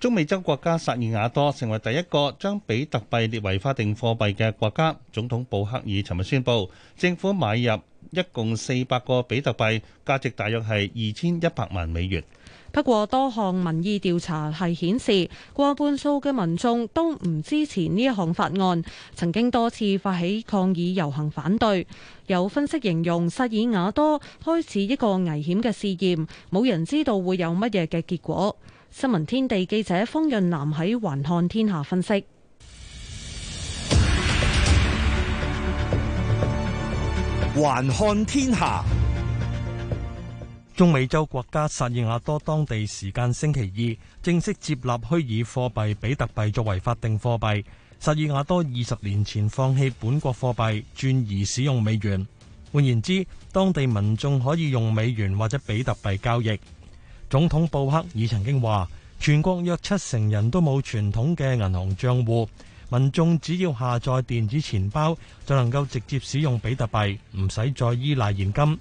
D: 中美洲國家薩爾瓦多成為第一個將比特幣列為法定貨幣嘅國家。總統布克爾尋日宣布，政府買入一共四百個比特幣，價值大約係二千一百萬美元。不過
C: 多項民意調查係顯示，過半數嘅民眾都唔支持呢一項法案，曾經多次發起抗議遊行反對。有分析形容薩爾瓦多開始一個危險嘅試驗，冇人知道會有乜嘢嘅結果。新聞天地記者方潤南喺《環看天下》分析，
A: 《環看
Q: 天下》。中美洲國家薩爾瓦多當地時間星期二正式接納虛擬貨幣比特幣作為法定貨幣，薩爾瓦多二十年前放棄本國貨幣，轉移使用美元。換言之，當地民眾可以用美元或者比特幣交易。總統布克爾曾經話，全國約七成人都冇傳統嘅銀行賬戶，民眾只要下載電子錢包，就能夠直接使用比特幣，唔使再依賴現金。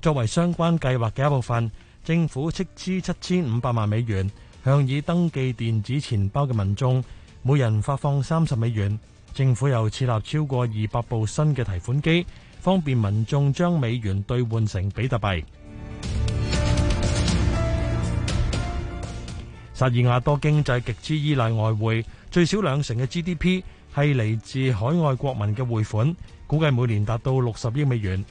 Q: 作為相關計劃嘅一部分，政府斥資七千五百萬美元，向已登記電子錢包嘅民眾每人發放三十美元。政府又設立超過二百部新嘅提款機，方便民眾將美元兌換成比特幣。 薩爾瓦多經濟極之依賴外匯，最少兩成嘅 GDP 係嚟自海外國民嘅匯款，估計每年達到六十億美元。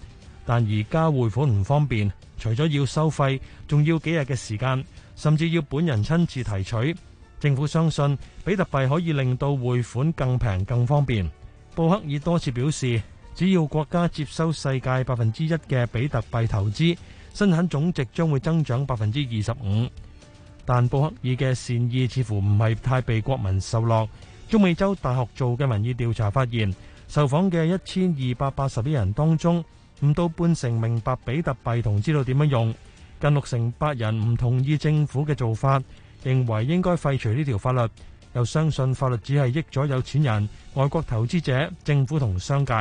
Q: 但而家匯款唔方便，除咗要收費，仲要幾日嘅時間，甚至要本人親自提取。政府相信比特幣可以令到匯款更平、更方便。布克爾多次表示，只要國家接收世界百分之一嘅比特幣投資，生產總值將會增長百分之二十五。但布克爾嘅善意似乎唔係太被國民受落。中美洲大學做嘅民意調查發現，受訪嘅一千二百八十一人當中，唔到半成明白比特幣同知道點樣用，近六成八人唔同意政府嘅做法，認為應該廢除呢條法律，又相信法律只係益咗有錢人、外國投資者、政府同商界。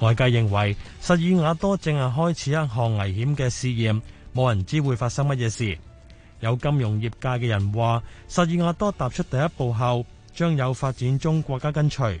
Q: 外界認為薩爾瓦多正係開始一項危險嘅試驗，冇人知會發生乜嘢事。有金融業界嘅人話，薩爾瓦多踏出第一步後，將有發展中國家跟隨。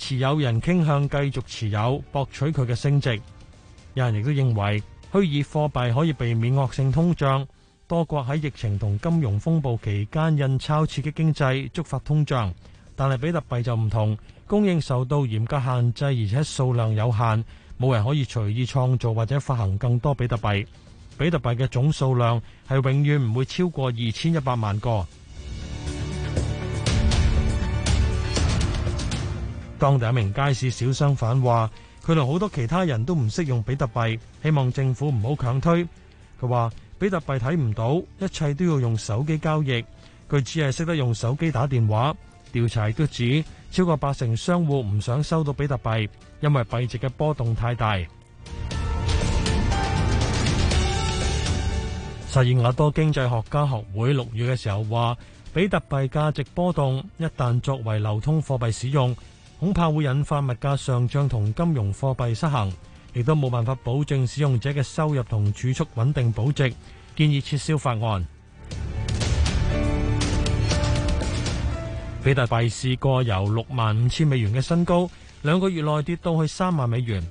Q: 持有人傾向繼續持有，博取佢嘅升值。有人亦都認為虛擬貨幣可以避免惡性通脹。多國喺疫情同金融風暴期間印鈔刺激經濟，觸發通脹。但係比特幣就唔同，供應受到嚴格限制，而且數量有限，冇人可以隨意創造或者發行更多比特幣。比特幣嘅總數量係永遠唔會超過二千一百萬個。當地一名街市小商販話，佢同好多其他人都唔識用比特幣，希望政府唔好強推。佢話比特幣睇唔到，一切都要用手機交易。佢只係識得用手機打電話。調查都指超過八成商戶唔想收到比特幣，因為幣值嘅波動太大。塞爾瓦多經濟學家學會六月嘅時候話，比特幣價值波動一旦作為流通貨幣使用。恐怕會引發物價上漲同金融貨幣失衡，亦都冇辦法保證使用者嘅收入同儲蓄穩定保值。建議撤銷法案。比特幣試過由六萬五千美元嘅新高，兩個月內跌到去三萬美元。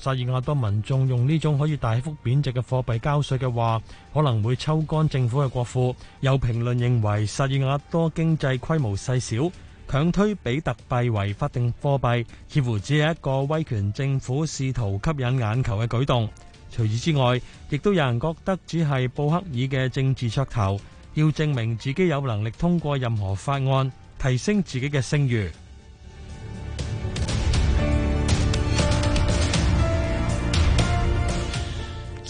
Q: 薩爾瓦多民眾用呢種可以大幅貶值嘅貨幣交稅嘅話，可能會抽乾政府嘅國庫。有評論認為，薩爾瓦多經濟規模細小。強推比特幣為法定貨幣，似乎只係一個威權政府試圖吸引眼球嘅舉動。除此之外，亦都有人覺得只係布克爾嘅政治噱頭，要證明自己有能力通過任何法案，提升自己嘅聲譽。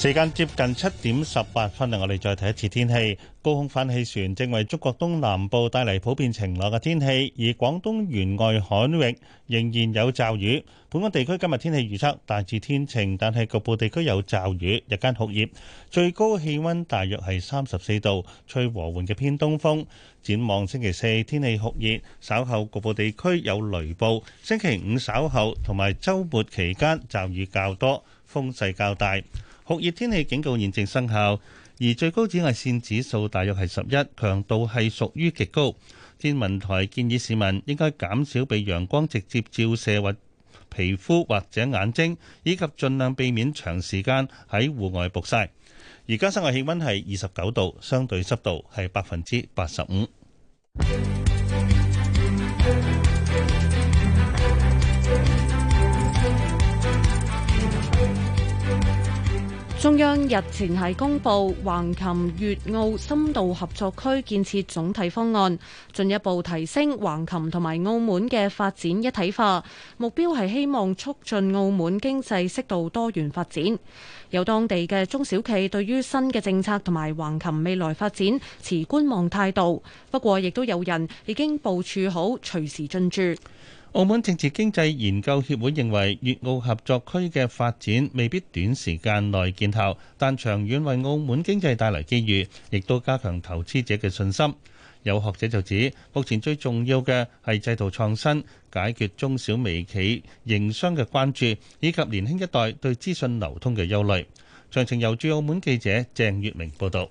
D: 時間接近七點十八分啊，我哋再睇一次天氣。高空反氣旋正為中國東南部帶嚟普遍晴朗嘅天氣，而廣東沿外海域仍然有驟雨。本港地區今日天氣預測大致天晴，但係局部地區有驟雨，日間酷熱，最高氣溫大約係三十四度，吹和緩嘅偏東風。展望星期四天氣酷熱，稍後局部地區有雷暴。星期五稍後同埋週末期間驟雨較多，風勢較大。酷熱天氣警告現正生效，而最高紫外線指數大約係十一，強度係屬於極高。天文台建議市民應該減少被陽光直接照射或皮膚或者眼睛，以及盡量避免長時間喺戶外曝晒。而家室外氣温係二十九度，相對濕度係百分之八十五。
C: 中央日前係公布橫琴粵澳深度合作區建設總體方案，進一步提升橫琴同埋澳門嘅發展一體化，目標係希望促進澳門經濟適度多元發展。有當地嘅中小企對於新嘅政策同埋橫琴未來發展持觀望態度，不過亦都有人已經部署好隨時進駐。
D: 澳門政治經濟研究協會認為，粵澳合作區嘅發展未必短時間內見效，但長遠為澳門經濟帶嚟機遇，亦都加強投資者嘅信心。有學者就指，目前最重要嘅係制度創新，解決中小微企營商嘅關注，以及年輕一代對資訊流通嘅憂慮。詳情由駐澳門記者鄭月明報道。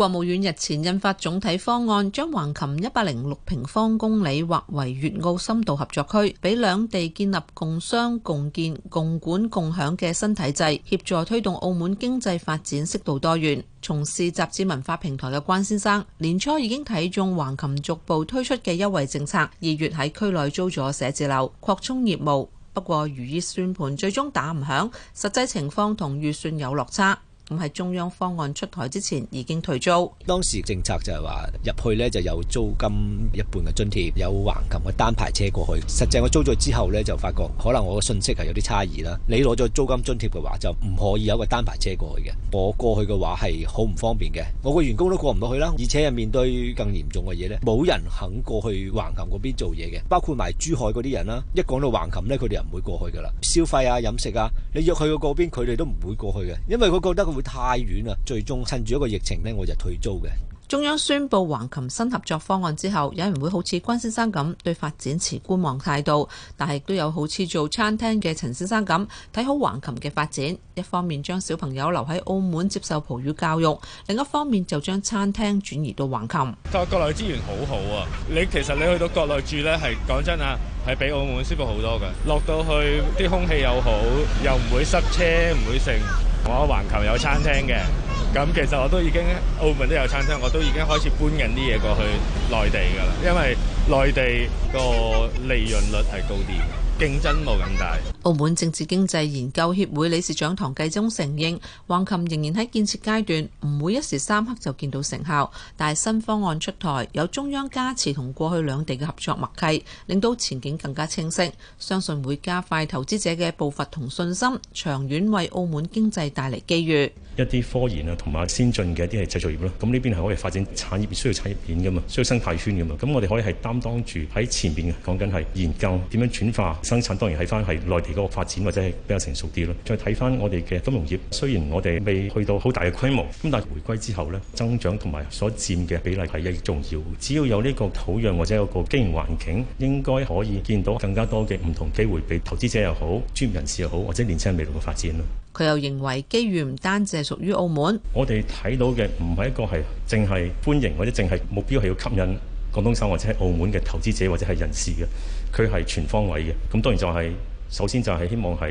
R: 國務院日前印發總體方案，將橫琴一百零六平方公里劃為粵澳深度合作區，俾兩地建立共商、共建、共管、共享嘅新體制，協助推動澳門經濟發展適度多元。從事雜誌文化平台嘅關先生，年初已經睇中橫琴逐步推出嘅優惠政策，二月喺區內租咗寫字樓，擴充業務。不過如意算盤最終打唔響，實際情況同預算有落差。唔係中央方案出台之前已
F: 經退租。當時政策就係話入去呢就有租金一半嘅津貼，有橫琴嘅單排車過去。實際我租咗之後呢，就發覺，可能我嘅信息係有啲差異啦。你攞咗租金津貼嘅話，就唔可以有個單排車過去嘅。我過去嘅話係好唔方便嘅。我個員工都過唔到去啦，而且係面對更嚴重嘅嘢呢，冇人肯過去橫琴嗰邊做嘢嘅。包括埋珠海嗰啲人啦，一講到橫琴呢，佢哋就唔會過去噶啦。消費啊、飲食啊，你約去個嗰邊，佢哋都唔會過去嘅，因為佢覺得太遠啦，最終趁住一個疫情咧，我就退租嘅。
R: 中央宣布橫琴新合作方案之後，有人會好似關先生咁對發展持觀望態度，但亦都有好似做餐廳嘅陳先生咁睇好橫琴嘅發展。一方面將小朋友留喺澳門接受葡語教育，另一方面就將餐廳轉移到橫琴。個國內資源好好
G: 啊！你其實你去到國內住呢，係講真啊，係比澳門舒服好多嘅。落到去啲空
M: 氣又好，又唔會塞車，唔會剩我橫琴有餐廳嘅。咁其實我都已經澳門都有餐廳，我都已經開始搬緊啲嘢過去內地㗎喇，因為
G: 內地個利潤率係高啲，競爭冇咁大。
R: 澳門政治經濟研究協會理事長唐繼宗承認，橫琴仍然喺建設階段，唔會一時三刻就見到成效。但係新方案出台，有中央加持同過去兩地嘅合作默契，令到前景更加清晰。相信會加快投資者嘅步伐同信心，長遠為澳門經濟帶嚟機遇。
S: 一啲科研啊，同埋先進嘅一啲係製造業啦。咁呢邊係可以發展產業，需要產業鏈噶嘛，需要生態圈噶嘛。咁我哋可以係擔當住喺前邊，講緊係研究點樣轉化生產，當然喺翻係內地。個發展或者係比較成熟啲咯。再睇翻我哋嘅金融業，雖然我哋未去到好大嘅規模，咁但係回歸之後呢，增長同埋所佔嘅比例係越嚟越重要。只要有呢個土壤或者有個經營環境，應該可以見到更加多嘅唔同機會，俾投資者又好、專業人士又好，或者年輕人未來嘅發展咯。
R: 佢又認為機遇唔單止係屬於澳門，
S: 我哋睇到嘅唔係一個係淨係歡迎或者淨係目標係要吸引廣東省或者澳門嘅投資者或者係人士嘅，佢係全方位嘅。咁當然就係。首先就係希望係誒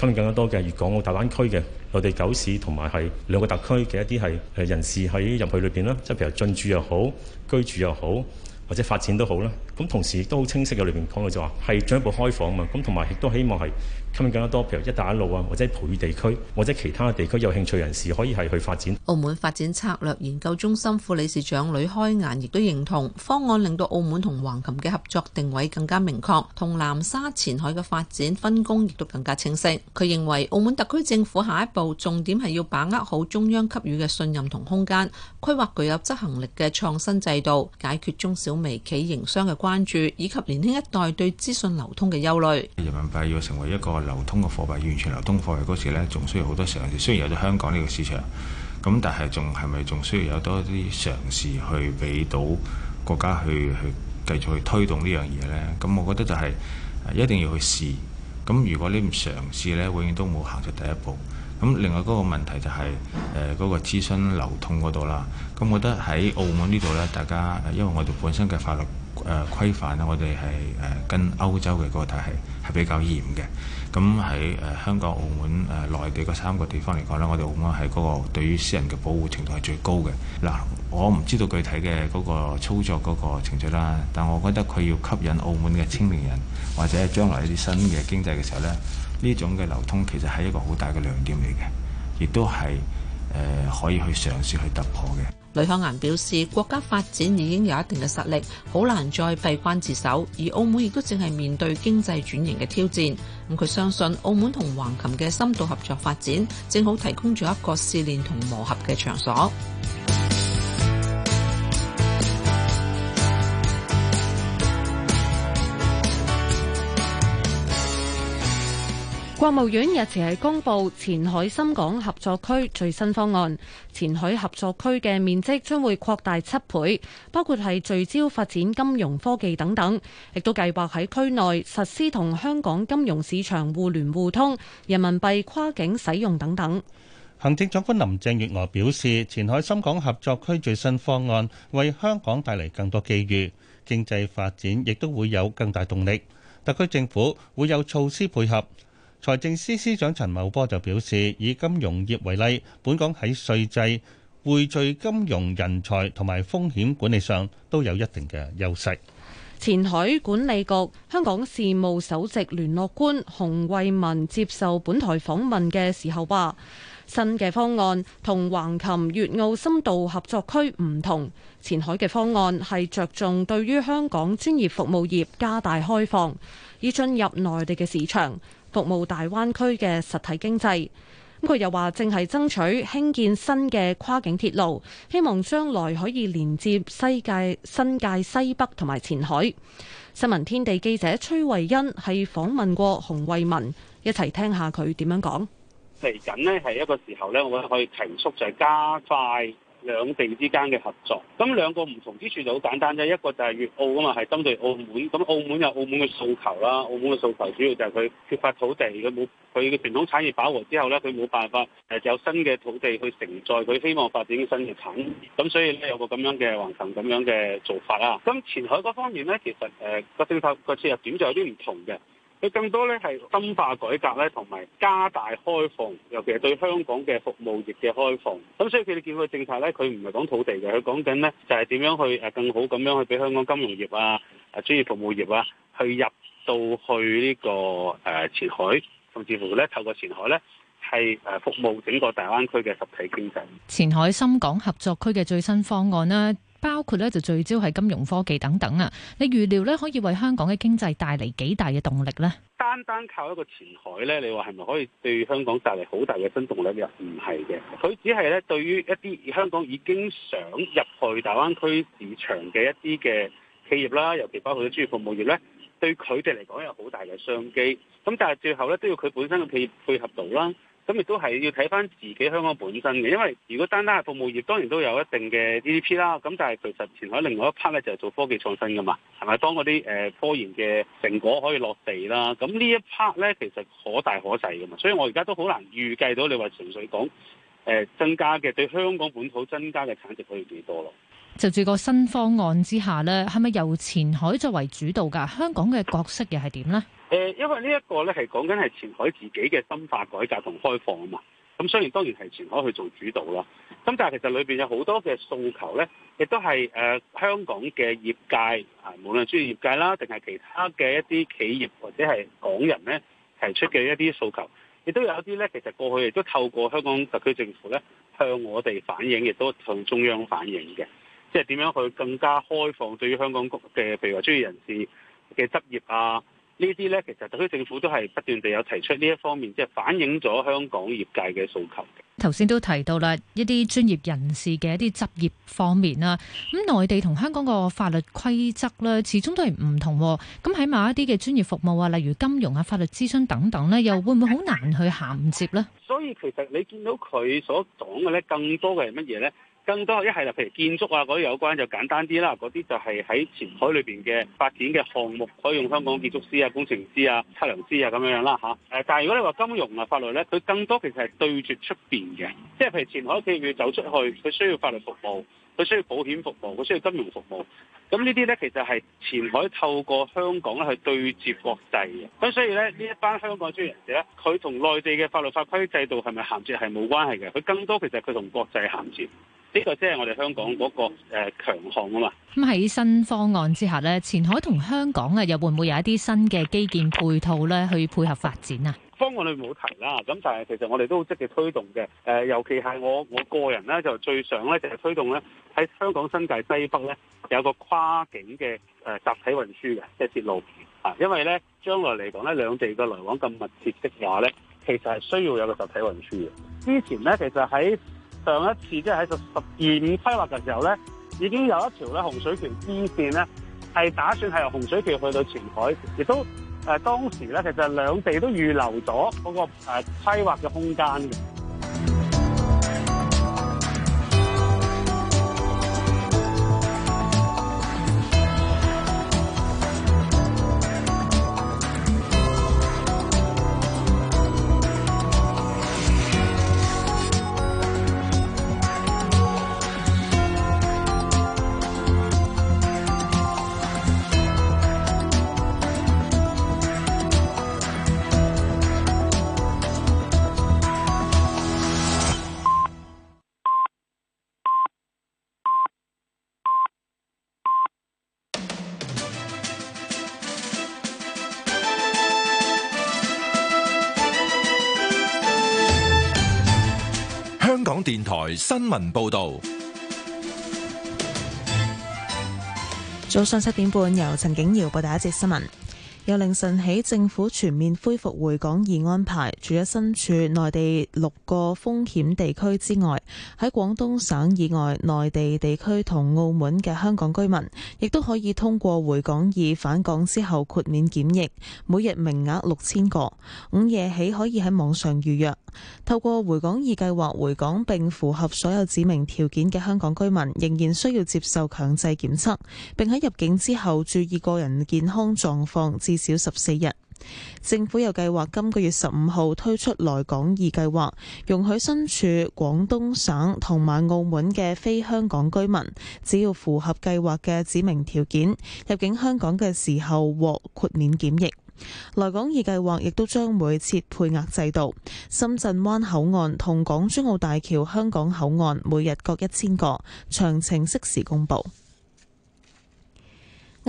S: 吸引更加多嘅粵港澳大灣區嘅內地九市同埋係兩個特區嘅一啲係誒人士喺入去裏邊啦，即係譬如進駐又好、居住又好或者發展都好啦。咁同時亦都好清晰嘅裏邊講到就話係進一步開放啊嘛。咁同埋亦都希望係。吸引更加多，譬如一帶一路啊，或者葡語地區，或者其他嘅地區，有興趣人士可以係去發展。
R: 澳門發展策略研究中心副理事長呂開顏亦都認同方案，令到澳門同橫琴嘅合作定位更加明確，同南沙前海嘅發展分工亦都更加清晰。佢認為澳門特區政府下一步重點係要把握好中央給予嘅信任同空間，規劃具有執行力嘅創新制度，解決中小微企營商嘅關注，以及年輕一代對資訊流通嘅憂慮。
M: 人民幣要成為一個。流通嘅貨幣完全流通貨幣嗰時咧，仲需要好多嘗試，雖然有咗香港呢個市場，咁但係仲係咪仲需要有多啲嘗試去俾到國家去去繼續去推動呢樣嘢咧？咁我覺得就係一定要去試，咁如果你唔嘗試咧，永遠都冇行出第一步。咁另外嗰個問題就係誒嗰個資金流通嗰度啦。咁我覺得喺澳門呢度咧，大家因為我哋本身嘅法律。誒規範咧，我哋係誒跟歐洲嘅個體系係比較嚴嘅。咁喺誒香港、澳門誒內、呃、地嗰三個地方嚟講咧，我哋澳門係嗰、那個對於私人嘅保護程度係最高嘅。嗱，我唔知道具體嘅嗰個操作嗰個程序啦，但我覺得佢要吸引澳門嘅青年人或者將來一啲新嘅經濟嘅時候咧，呢種嘅流通其實係一個好大嘅亮點嚟嘅，亦都係誒、呃、可以去
F: 嘗試去突破嘅。
R: 呂向岩表示，國家發展已經有一定嘅實力，好難再閉關自守，而澳門亦都正係面對經濟轉型嘅挑戰。咁佢相信，澳門同橫琴嘅深度合作發展，正好提供咗一個試煉同磨合嘅場所。
C: 國務院日前係公布前海深港合作區最新方案，前海合作區嘅面積將會擴大七倍，包括係聚焦發展金融科技等等，亦都計劃喺區內實施同香港金融市場互聯互通、人民幣跨境使用等等。
D: 行政長官林鄭月娥表示，前海深港合作區最新方案為香港帶嚟更多機遇，經濟發展亦都會有更大動力。特區政府會有措施配合。財政司司長陳茂波就表示，以金融業為例，本港喺稅制匯聚金融人才同埋風險管理上都有一定嘅優勢。
C: 前海管理局香港事務首席聯絡官洪慧文接受本台訪問嘅時候話，新嘅方案同橫琴粵澳深度合作區唔同，前海嘅方案係着重對於香港專業服務業加大開放，以進入內地嘅市場。服務大灣區嘅實體經濟，咁佢又話正係爭取興建新嘅跨境鐵路，希望將來可以連接西界、新界西北同埋前海。新聞天地記者崔慧欣係訪問過洪惠文，一齊聽下佢點樣講。
G: 嚟緊呢係一個時候，呢我哋可以提速就係加快。兩地之間嘅合作，咁兩個唔同之處就好簡單啫，一個就係粵澳啊嘛，係針對澳門，咁澳門有澳門嘅訴求啦，澳門嘅訴求主要就係佢缺乏土地，佢冇佢嘅傳統產業飽和之後咧，佢冇辦法誒有新嘅土地去承載佢希望發展嘅新嘅產業，咁所以咧有個咁樣嘅橫琴咁樣嘅做法啦。咁前海嗰方面咧，其實誒個、呃、政策個切入點就有啲唔同嘅。佢更多咧係深化改革咧，同埋加大開放，尤其係對香港嘅服務業嘅開放。咁所以佢哋見到政策咧，佢唔係講土地嘅，佢講緊咧就係點樣去誒更好咁樣去俾香港金融業啊、專業服務業啊，去入到去呢個誒前海，甚至乎咧透過前海咧係誒服務整個大灣區嘅實體經濟。
T: 前海深港合作區嘅最新方案咧。包括咧就聚焦係金融科技等等啊，你預料咧可以為香港嘅經濟帶嚟幾大嘅動力呢？
G: 單單靠一個前海咧，你話係咪可以對香港帶嚟好大嘅新動力？又唔係嘅，佢只係咧對於一啲香港已經想入去大灣區市場嘅一啲嘅企業啦，尤其包括啲專業服務業咧，對佢哋嚟講，有好大嘅商機。咁但係最後咧都要佢本身嘅企業配合到啦。咁亦都係要睇翻自己香港本身嘅，因為如果單單係服務業，當然都有一定嘅 GDP 啦。咁但係其實前海另外一 part 咧就係做科技創新噶嘛，係咪當嗰啲誒科研嘅成果可以落地啦？咁呢一 part 咧其實可大可細噶嘛。所以我而家都好難預計到你話純粹講誒、呃、增加嘅對香港本土增加嘅產值可以幾多咯？
T: 就住個新方案之下咧，係咪由前海作為主導㗎？香港嘅角色又係點呢？
G: 誒，因為呢一個咧係講緊係前海自己嘅深化改革同開放啊嘛，咁雖然當然係前海去做主導啦，咁但係其實裏邊有好多嘅訴求呢，亦都係誒、呃、香港嘅業界啊，無論專業業界啦，定係其他嘅一啲企業或者係港人呢提出嘅一啲訴求，亦都有一啲呢。其實過去亦都透過香港特區政府呢，向我哋反映，亦都向中央反映嘅，即係點樣去更加開放對於香港嘅譬如話專業人士嘅執業啊。呢啲呢，其實特區政府都係不斷地有提出呢一方面，即係反映咗香港業界嘅訴求
T: 嘅。頭先都提到啦，一啲專業人士嘅一啲執業方面啦，咁內地同香港個法律規則咧，始終都係唔同。咁喺某一啲嘅專業服務啊，例如金融啊、法律諮詢等等呢，又會唔會好難去銜接呢？
G: 所以其實你見到佢所講嘅呢，更多嘅係乜嘢呢？更多一係啦，譬如建築啊嗰啲有關就簡單啲啦，嗰啲就係喺前海裏邊嘅發展嘅項目可以用香港建築師啊、工程師啊、測量師啊咁樣樣啦嚇。誒，但係如果你話金融啊、法律咧，佢更多其實係對住出邊嘅，即係譬如前海企業佢走出去，佢需要法律服務，佢需要保險服務，佢需要金融服務。咁呢啲咧其實係前海透過香港咧去對接國際嘅。咁所以咧呢一班香港專業人士，佢同內地嘅法律法規制度係咪銜接係冇關係嘅？佢更多其實佢同國際銜接。呢個即係我哋香港嗰個誒強項啊嘛！
T: 咁喺新方案之下咧，前海同香港啊，又會唔會有一啲新嘅基建配套咧，去配合發展啊？
G: 方案裏冇提啦，咁但係其實我哋都好積極推動嘅。誒，尤其係我我個人咧，就最想咧，就係推動咧，喺香港新界西北咧，有個跨境嘅誒集體運輸嘅，即係鐵路啊。因為咧，將來嚟講咧，兩地嘅來往咁密切的話咧，其實係需要有個集體運輸嘅。之前咧，其實喺上一次即係喺十十二五規劃嘅時候咧，已經有一條咧洪水橋支線咧，係打算係由洪水橋去到前海，亦都誒、呃、當時咧，其實兩地都預留咗嗰、嗰個誒規劃嘅空間嘅。
A: 新聞報導。
N: 早上七點半，由陳景耀報第一節新聞。由凌晨起，政府全面恢復回港易安排。除咗身處內地六個風險地區之外，喺廣東省以外內地地區同澳門嘅香港居民，亦都可以通過回港易返港之後豁免檢疫，每日名額六千個。午夜起可以喺網上預約。透過回港易計劃回港並符合所有指明條件嘅香港居民，仍然需要接受強制檢測，並喺入境之後注意個人健康狀況。少十四日，政府又計劃今個月十五號推出來港易計劃，容許身處廣東省同埋澳門嘅非香港居民，只要符合計劃嘅指明條件，入境香港嘅時候獲豁免檢疫。來港易計劃亦都將會設配額制度，深圳灣口岸同港珠澳大橋香港口岸每日各一千個，詳情適時公布。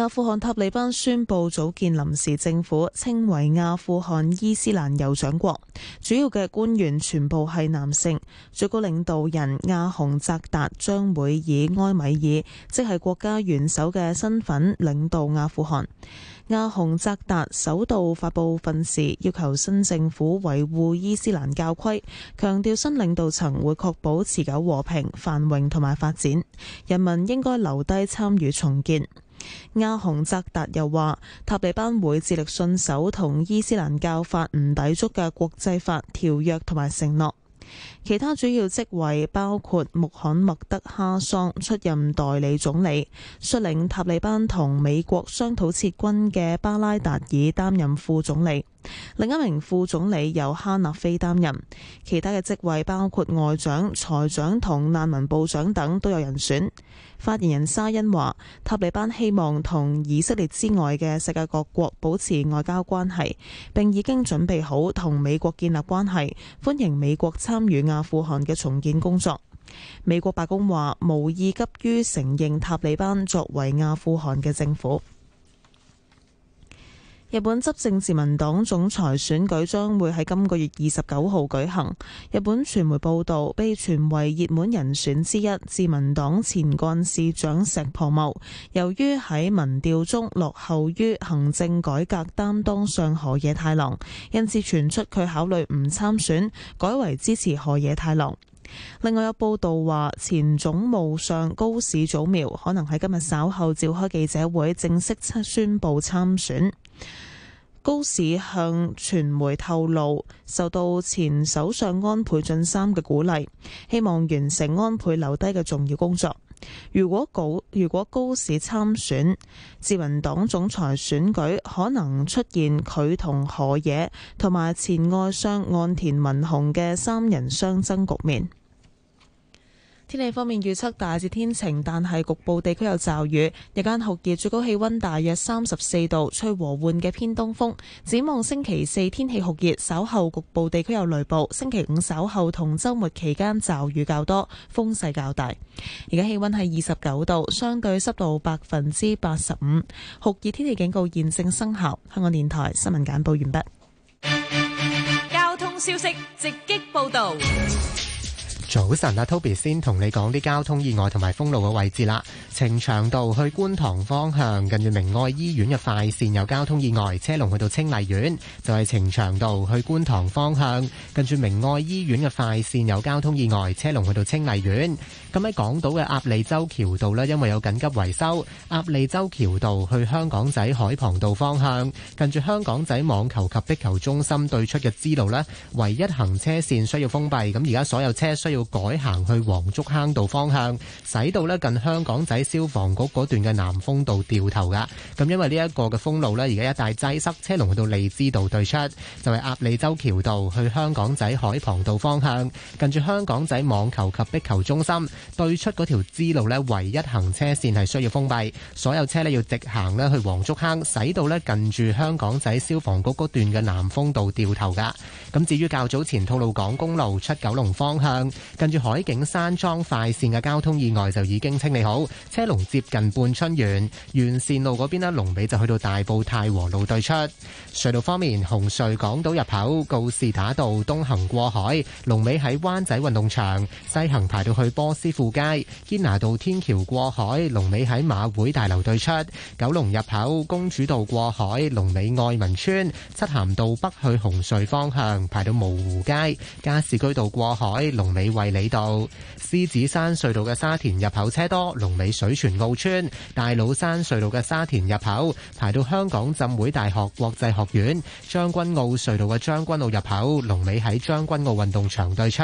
N: 阿富汗塔利班宣布組建臨時政府，稱為阿富汗伊斯蘭酋長國，主要嘅官員全部係男性。最高領導人阿洪澤達將會以埃米爾，即係國家元首嘅身份領導阿富汗。阿洪澤達首度發布訓示，要求新政府維護伊斯蘭教規，強調新領導層會確保持久和平、繁榮同埋發展，人民應該留低參與重建。阿洪扎達又話：塔利班會致力信守同伊斯蘭教法唔抵觸嘅國際法條約同埋承諾。其他主要職位包括穆罕默德哈桑出任代理總理，率領塔利班同美國商討撤軍嘅巴拉達爾擔任副總理。另一名副總理由哈納菲擔任。其他嘅職位包括外長、財長同難民部長等都有人選。發言人沙欣話：塔利班希望同以色列之外嘅世界各國保持外交關係，並已經準備好同美國建立關係，歡迎美國參與阿富汗嘅重建工作。美國白宮話無意急於承認塔利班作為阿富汗嘅政府。日本執政自民黨總裁選舉將會喺今個月二十九號舉行。日本傳媒報導，被傳為熱門人選之一，自民黨前幹事長石破茂，由於喺民調中落後於行政改革擔當上河野太郎，因此傳出佢考慮唔參選，改為支持河野太郎。另外有報道話，前總務相高市早苗可能喺今日稍後召開記者會，正式宣佈參選。高市向傳媒透露，受到前首相安倍晉三嘅鼓勵，希望完成安倍留低嘅重要工作。如果高如果高市參選，自民黨總裁選舉可能出現佢同河野同埋前外相岸田文雄嘅三人相爭局面。天氣方面預測大致天晴，但係局部地區有驟雨。日間酷熱，最高氣溫大約三十四度，吹和緩嘅偏東風。展望星期四天氣酷熱，稍後局部地區有雷暴。星期五稍後同周末期間驟雨較多，風勢較大。而家氣溫係二十九度，相對濕度百分之八十五。酷熱天氣警告現正生效。香港電台新聞簡報完畢。
T: 交通消息直擊報道。
L: 早晨啊，Toby 先同你講啲交通意外同埋封路嘅位置啦。呈祥道去觀塘方向，近住明愛醫院嘅快綫有交通意外，車龍去到清麗苑。就係呈祥道去觀塘方向，近住明愛醫院嘅快綫有交通意外，車龍去到清麗苑。咁喺港島嘅鴨脷洲橋道呢，因為有緊急維修，鴨脷洲橋道去香港仔海傍道方向，近住香港仔網球及壁球中心對出嘅支路呢，唯一行車線需要封閉。咁而家所有車需要改行去黃竹坑道方向，使到呢近香港仔消防局嗰段嘅南風道掉頭噶。咁因為呢一個嘅封路呢，而家一帶擠塞，車龍去到利枝道對出，就係鴨脷洲橋道去香港仔海傍道方向，近住香港仔網球及壁球中心。對出嗰條支路咧，唯一行車線係需要封閉，所有車咧要直行咧去黃竹坑，使到咧近住香港仔消防局嗰段嘅南風道掉頭噶。咁至於較早前，吐露港公路出九龍方向，近住海景山莊快線嘅交通意外就已經清理好，車龍接近半春園沿線路嗰邊咧，龍尾就去到大埔太和路對出。隧道方面，紅隧港島入口告士打道東行過海，龍尾喺灣仔運動場西行排到去波斯富街堅拿道天橋過海，龍尾喺馬會大樓對出；九龍入口公主道過海，龍尾愛民村；漆咸道北去紅隧方向排到蕪湖街；加士居道過海，龍尾衛理道。獅子山隧道嘅沙田入口車多，龍尾水泉澳村；大老山隧道嘅沙田入口排到香港浸會大學國際學院，將軍澳隧道嘅將軍澳入口龍尾喺將軍澳運動場對出。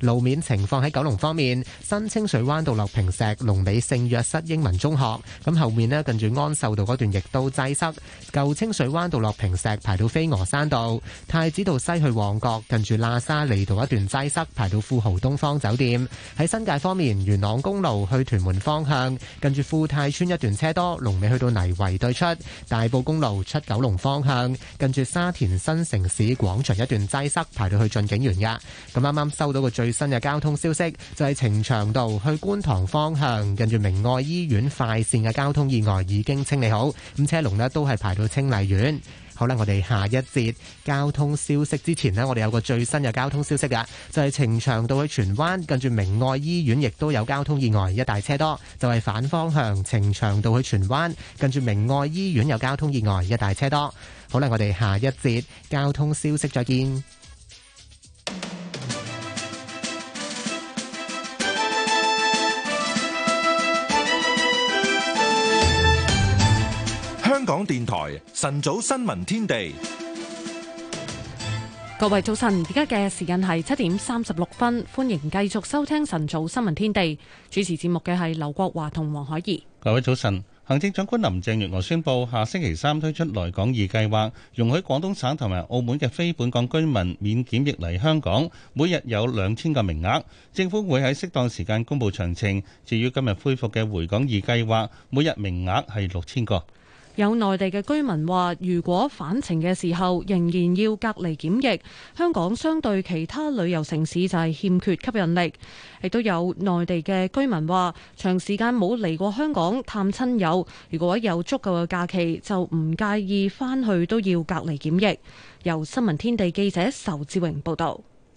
L: 路面情況喺九龍方面，新清水灣道落坪石龍尾聖約瑟英文中學，咁後面呢，近住安秀道嗰段亦都擠塞，舊清水灣道落坪石排到飛鵝山道，太子道西去旺角近住喇沙利道一段擠塞，排到富豪東方酒店。喺新界方面，元朗公路去屯門方向，近住富泰村一段車多，龍尾去到泥圍對出；大埔公路出九龍方向，近住沙田新城市廣場一段擠塞，排到去駿景園㗎。咁啱啱收到個最新嘅交通消息，就係呈祥道去觀塘方向，近住明愛醫院快線嘅交通意外已經清理好，咁車龍呢都係排到清麗園。好啦，我哋下一節交通消息之前呢，我哋有個最新嘅交通消息噶，就係呈祥道去荃灣，近住明愛醫院亦都有交通意外，一大車多，就係、是、反方向呈祥道去荃灣，近住明愛醫院有交通意外，一大車多。好啦，我哋下一節交通消息再見。
A: 港電台晨早新聞天地，各位早晨，
C: 而家嘅時間係七點三十六分，歡迎繼續收聽晨早新聞天地。主持節目嘅係劉國華同黃海怡。
D: 各位早晨，行政長官林鄭月娥宣布，下星期三推出來港易計劃，容許廣東省同埋澳門嘅非本港居民免檢疫嚟香港，每日有兩千個名額。政府會喺適當時間公布詳情。至於今日恢復嘅回港易計劃，每日名額係六千個。
C: 有內地嘅居民話，如果返程嘅時候仍然要隔離檢疫，香港相對其他旅遊城市就係欠缺吸引力。亦都有內地嘅居民話，長時間冇嚟過香港探親友，如果有足夠嘅假期就唔介意返去，都要隔離檢疫。由新聞天地記者仇志榮
K: 報導。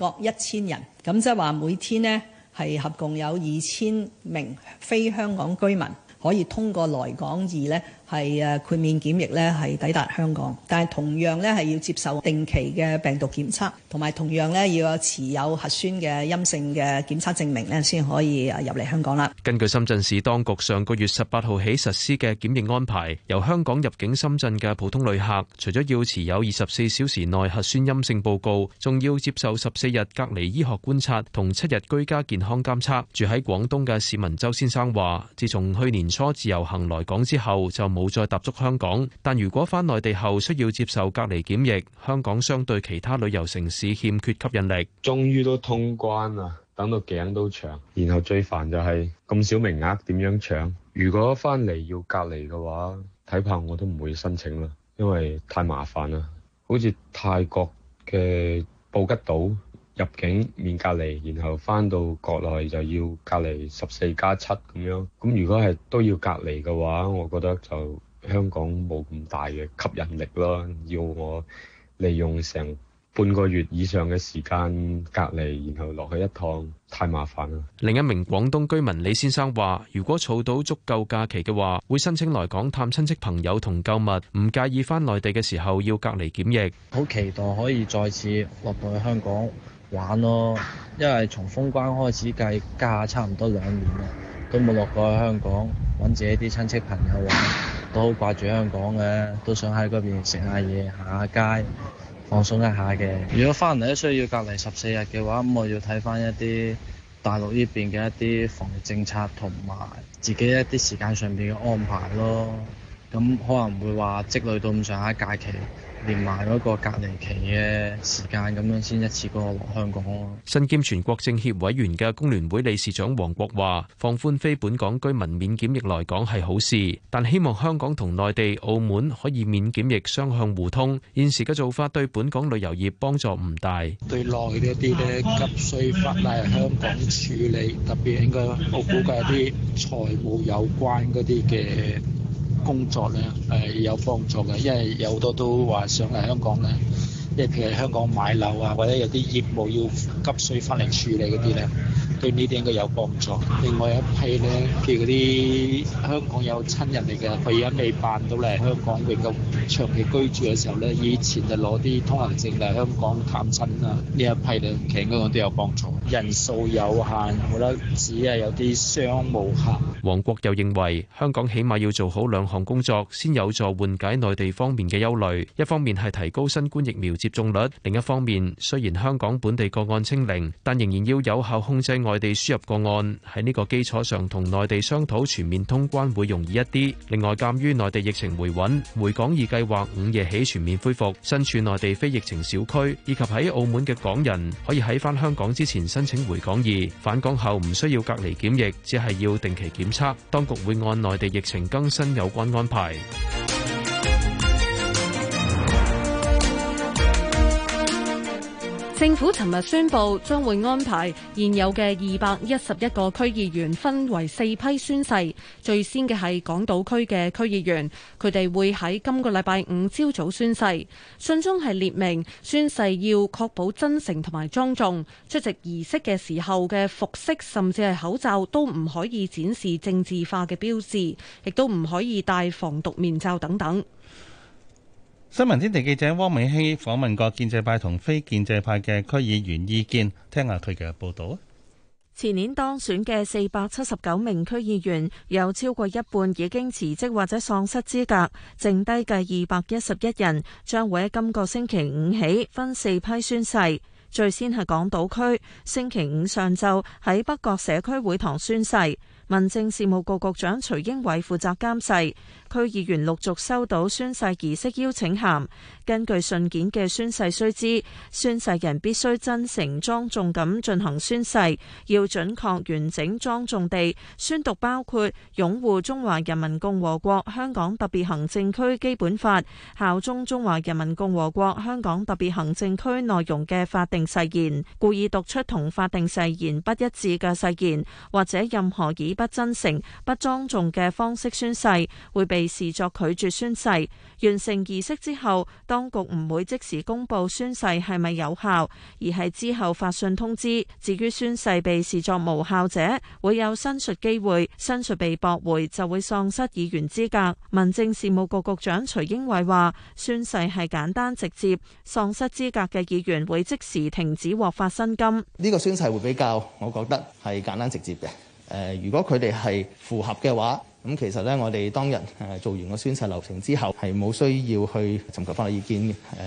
J: 各一千人，咁即係話每天咧係合共有二千名非香港居民可以通過來港易咧。係誒豁免檢疫咧，係抵達香港，但係同樣咧係要接受定期嘅病毒檢測，同埋同樣咧要有持有核酸嘅陰性嘅檢測證明咧，先可以誒入嚟香港啦。
K: 根據深圳市當局上個月十八號起實施嘅檢疫安排，由香港入境深圳嘅普通旅客，除咗要持有二十四小時內核酸陰性報告，仲要接受十四日隔離醫學觀察同七日居家健康監測。住喺廣東嘅市民周先生話，自從去年初自由行來港之後，就冇冇再踏足香港，但如果返內地後需要接受隔離檢疫，香港相對其他旅遊城市欠缺吸引力。
G: 終於都通關啦，等到頸都長，然後最煩就係咁少名額，點樣搶？如果翻嚟要隔離嘅話，睇怕我都唔會申請啦，因為太麻煩啦。好似泰國嘅布吉島。入境免隔離，然後翻到國內就要隔離十四加七咁樣。咁如果係都要隔離嘅話，我覺得就香港冇咁大嘅吸引力囉。要我利用成半個月以上嘅時間隔離，然後落去一趟，太麻煩啦。
K: 另一名廣東居民李先生話，如果儲到足夠假期嘅話，會申請來港探親戚朋友同購物，唔介意翻內地嘅時候要隔離
F: 檢疫。好期待可以再次落到去香港。玩咯，因為從封關開始計，家下差唔多兩年啦，都冇落過去香港揾自己啲親戚朋友玩，都好掛住香港嘅，都想喺嗰邊食下嘢、行下街、放鬆一下嘅。如果翻嚟需要隔離十四日嘅話，咁我要睇翻一啲大陸呢邊嘅一啲防疫政策同埋自己一啲時間上面嘅安排咯。咁可能會話積累到咁上下假期。連埋嗰個隔離期嘅時間，咁樣先一次過落香港。
K: 身兼全國政協委員嘅工聯會理事長黃國話，放寬非本港居民免檢疫來港係好事，但希望香港同內地、澳門可以免檢疫雙向互通。現時嘅做法對本港旅遊業幫助唔大。
Q: 對內嘅一啲咧急需返嚟香港處理，特別應該我估計一啲財務有關嗰啲嘅。工作咧誒、呃，有幫助嘅，因為有好多都話想嚟香港咧。即係譬如香港買樓啊，或者有啲業務要急需翻嚟處理嗰啲咧，對呢啲應該有幫助。另外一批咧，譬如啲香港有親人嚟嘅，佢而家未辦到嚟香港永久長期居住嘅時候咧，以前
F: 就攞啲通行證嚟香港探親啊。呢一批咧，其實應該都有幫助。
Q: 人數有限，我覺得只係有啲商務客。
K: 王國友認為，香港起碼要做好兩項工作，先有助緩解內地方面嘅憂慮。一方面係提高新冠疫苗接種率。另一方面，雖然香港本地個案清零，但仍然要有效控制外地輸入個案。喺呢個基礎上，同內地商討全面通關會容易一啲。另外，鑑於內地疫情回穩，回港易計劃午夜起全面恢復。身處內地非疫情小區以及喺澳門嘅港人，可以喺返香港之前申請回港易。返港後唔需要隔離檢疫，只係要定期檢測。當局會按內地疫情更新有關安排。
C: 政府尋日宣布，將會安排現有嘅二百一十一個區議員分為四批宣誓，最先嘅係港島區嘅區議員，佢哋會喺今個禮拜五朝早宣誓。信中係列明宣誓要確保真誠同埋莊重，出席儀式嘅時候嘅服飾甚至係口罩都唔可以展示政治化嘅標誌，亦都唔可以戴防毒面罩等等。
D: 新聞天地記者汪美希訪問過建制派同非建制派嘅區議員意見，聽下佢嘅報道。
U: 前年當選嘅四百七十九名區議員，有超過一半已經辭職或者喪失資格，剩低嘅二百一十一人，將會喺今個星期五起分四批宣誓，最先係港島區，星期五上晝喺北角社區會堂宣誓，民政事務局局長徐英偉負責監誓。區議員陸續收到宣誓儀式邀請函。根據信件嘅宣誓須知，宣誓人必須真誠莊重咁進行宣誓，要準確完整莊重地宣讀，包括擁護中華人民共和國香港特別行政區基本法、效忠中華人民共和國香港特別行政區內容嘅法定誓言。故意讀出同法定誓言不一致嘅誓言，或者任何以不真誠、不莊重嘅方式宣誓，會被被視作拒絕宣誓，完成儀式之後，當局唔會即時公布宣誓係咪有效，而係之後發信通知。至於宣誓被視作無效者，會有申述機會，申述被駁回就會喪失議員資格。民政事務局局長徐英偉話：宣誓係簡單直接，喪失資格嘅議員會即時停止獲發薪金。呢個宣誓會比較，我覺得係簡單直接嘅。誒、呃，如果佢哋係符合嘅話。咁其實咧，
L: 我哋當日誒做完個宣誓流程之後，係冇需要去尋求法律意見，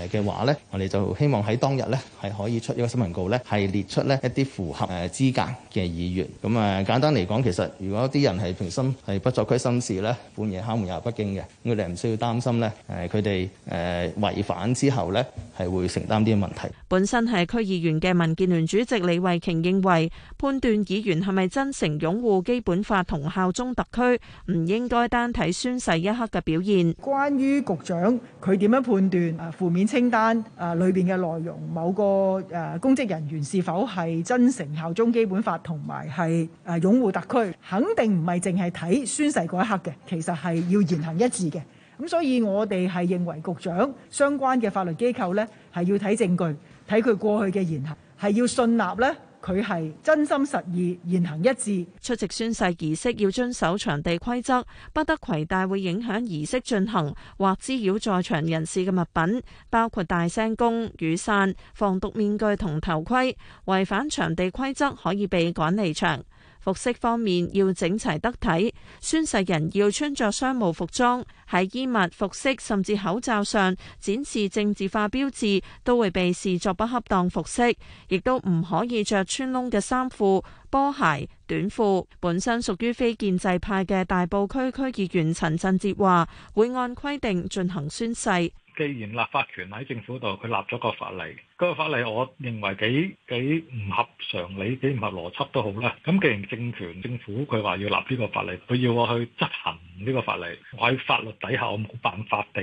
L: 誒嘅
F: 話咧，我哋就希望喺當日咧係可以出一個新聞稿咧，係列出咧一啲符合誒資格嘅議員，咁啊，簡單嚟講，其實如果啲人係平心係不作虧心事咧，半夜敲門，也不驚嘅，我哋唔需要擔心咧誒，佢哋誒違反之後
D: 咧係會承擔啲問題。
U: 本身係區議員嘅民建聯主席李慧瓊認為，判斷議員係咪真誠擁護基本法同效忠特區。唔應該單睇宣誓一刻嘅表現。關於局長，佢點樣判斷啊負面清
B: 單啊裏邊嘅內容，某個誒、啊、公職人員是否係真誠效忠基本法同埋係誒擁護特區，肯定唔係淨係睇宣誓嗰一刻嘅，其實係要言行一致嘅。咁所以我哋係認為局長相關嘅法律機
U: 構呢，係要睇證據，睇佢過去嘅言行，係要信納呢。佢係真心實意言行一致出席宣誓儀式，要遵守場地規則，不得攜帶會影響儀式進行或滋擾在場人士嘅物品，包括大聲公、雨傘、防毒面具同頭盔。違反場地規則可以被趕離場。服飾方面要整齊得體，宣誓人要穿著商務服裝，喺衣物服飾甚至口罩上展示政治化標誌都會被視作不恰當服飾，亦都唔可以着穿窿嘅衫褲、波鞋、短褲。本身屬於非建制派嘅大埔區區議員陳振哲話，會按規定進行宣誓。
G: 既然立法權喺政府度，佢立咗個法例，嗰個法例我認為幾幾唔合常理、幾唔合邏輯都好啦。咁既然政權、政府佢話要立呢個法例，佢要我去執行呢個法例，我喺法律底下我冇辦法地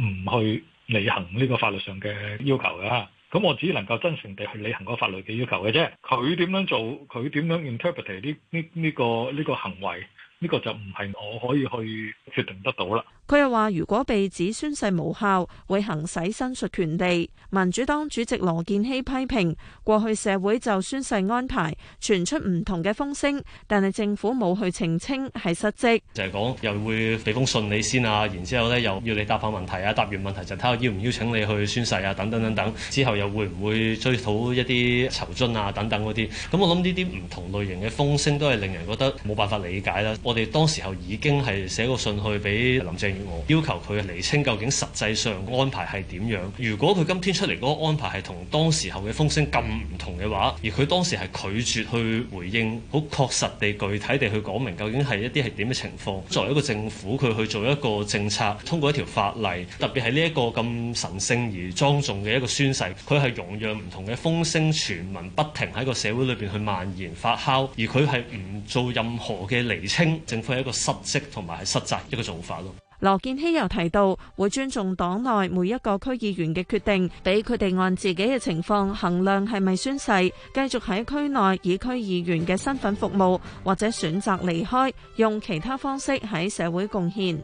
G: 唔去履行呢個法律上嘅要求嘅。咁我只能夠真誠地去履行嗰個法律嘅要求嘅啫。佢點樣做，佢點樣 interpret 呢呢呢個呢個行為？呢個就唔係我可以去決定得到啦。
U: 佢又話：如果被指宣誓無效，會行使申述權利。民主黨主席羅健熙批評過去社會就宣誓安排傳出唔同嘅風聲，但係政府冇去澄清係失職。就
S: 係講又會俾封信你先啊，然後之後呢又要你答返問題啊，答完問題就睇下邀唔邀請你去宣誓啊，等等等等，之後又會唔會追討一啲酬津啊，等等嗰啲。咁我諗呢啲唔同類型嘅風聲都係令人覺得冇辦法理解啦。我哋當時候已經係寫個信去俾林鄭月娥，要求佢釐清究竟實際上安排係點樣。如果佢今天。出嚟嗰個安排係同當時候嘅風聲咁唔同嘅話，而佢當時係拒絕去回應，好確實地、具體地去講明究竟係一啲係點嘅情況，作為一個政府，佢去做一個政策，通過一條法例，特別係呢一個咁神聖而莊重嘅一個宣誓，佢係容讓唔同嘅風聲傳聞不停喺個社會裏邊去蔓延發酵，而佢係唔做任何嘅釐清。政府係一個失職同埋係失責
K: 一個做法咯。
U: 羅建熙又提到，會尊重黨內每一個區議員嘅決定，俾佢哋按自己嘅情況衡量係咪宣誓，繼續喺區內以區議員嘅身份服務，或者選擇離開，用其他方式喺社會貢獻。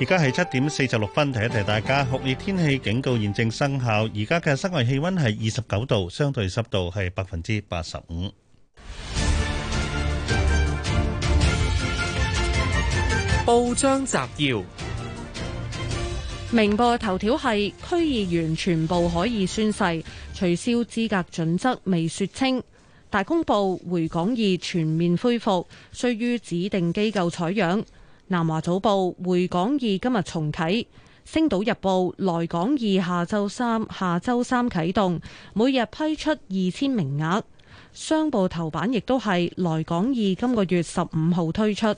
D: 而家係七點四十六分，提一提大家，酷熱天氣警告現正生效。而家嘅室外氣溫係二十九度，相對濕度係百分之八十五。報章摘
L: 要：
C: 明報頭條係區議員全部可以宣誓，取消資格準則未說清。大公報回港二全面恢復，需於指定機構採樣。南華早報回港二今日重啟。星島日報來港二下周三下周三啟動，每日批出二千名額。商報頭版亦都係來港二今個月十五號推出。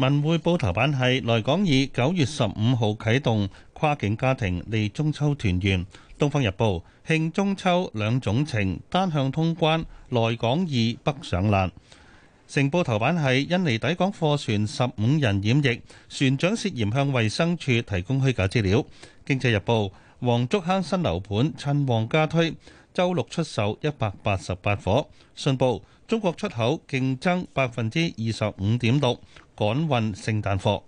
D: 文匯報頭版係來港易九月十五號啟動跨境家庭利中秋團圓。東方日報慶中秋兩種情單向通關來港易北上難。成報頭版係印尼抵港貨船十五人染疫，船長涉嫌向衛生署提供虛假資料。經濟日報黃竹坑新樓盤趁旺加推，周六出售一百八十八伙。信報中國出口勁增百分之二十五點六。趕運聖誕貨。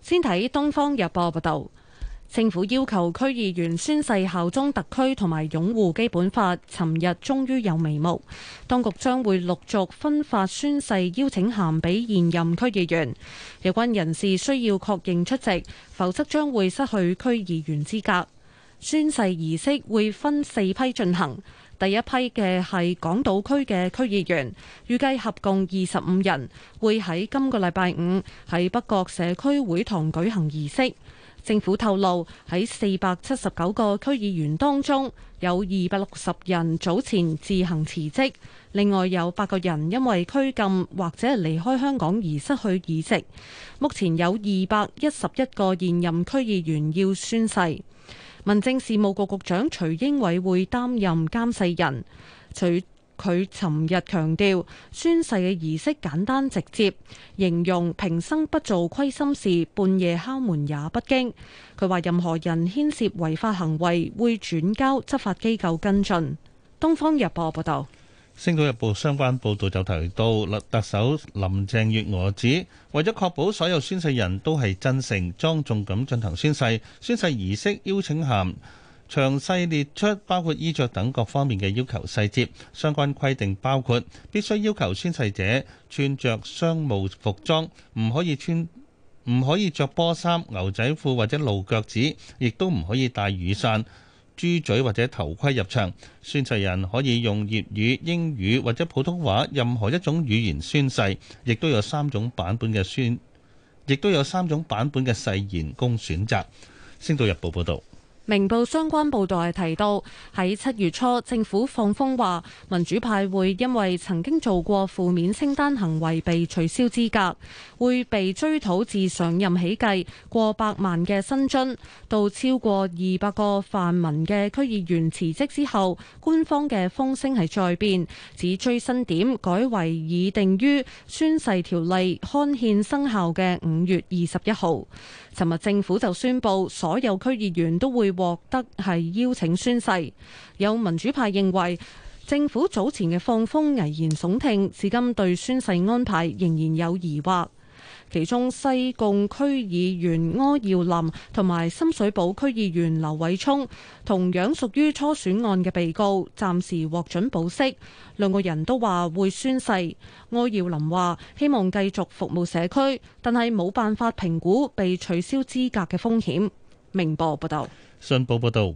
C: 先睇《東方日報》報道，政府要求區議員宣誓效忠特區同埋擁護基本法，尋日終於有眉目。當局將會陸續分發宣誓邀請函畀現任區議員，有關人士需要確認出席，否則將會失去區議員資格。宣誓儀式會分四批進行。第一批嘅係港島區嘅區議員，預計合共二十五人，會喺今個禮拜五喺北角社區會堂舉行儀式。政府透露喺四百七十九個區議員當中，有二百六十人早前自行辭職，另外有八個人因為拘禁或者係離開香港而失去議席。目前有二百一十一個現任區議員要宣誓。民政事務局局長徐英偉會擔任監誓人。徐佢尋日強調，宣誓嘅儀式簡單直接，形容平生不做虧心事，半夜敲門也不驚。佢話任何人牽涉違法行為，會轉交執法機構跟進。東方日報報道。
D: 《星島日報》相關報導就提到，特首林鄭月娥指，為咗確保所有宣誓人都係真誠莊重咁進行宣誓，宣誓儀式邀請函詳細列出包括衣着等各方面嘅要求細節。相關規定包括必須要求宣誓者穿着商務服裝，唔可以穿，唔可以着波衫、牛仔褲或者露腳趾，亦都唔可以帶雨傘，豬嘴或者頭盔入場。宣誓人可以用粵語、英語或者普通話，任何一種語言宣誓，亦都有三種版本嘅宣，亦都有三種版本嘅誓言供選擇。《星島日報》報導。
C: 明報相關報導係提到，喺七月初政府放風話，民主派會因為曾經做過負面清單行為被取消資格，會被追討至上任起計過百萬嘅薪津。到超過二百個泛民嘅區議員辭職之後，官方嘅風聲係再變，指追薪點改為已定於宣誓條例刊憲生效嘅五月二十一號。尋日政府就宣布，所有區議員都會獲得係邀請宣誓。有民主派認為政府早前嘅放風危言聳聽，至今對宣誓安排仍然有疑惑。其中西貢區議員柯耀林同埋深水埗區議員劉偉聰，同樣屬於初選案嘅被告，暫時獲准保釋。兩個人都話會宣誓。柯耀林話：希望繼續服務社區，但係冇辦法評估被取消資格嘅風險。明報報道，
D: 信報報道。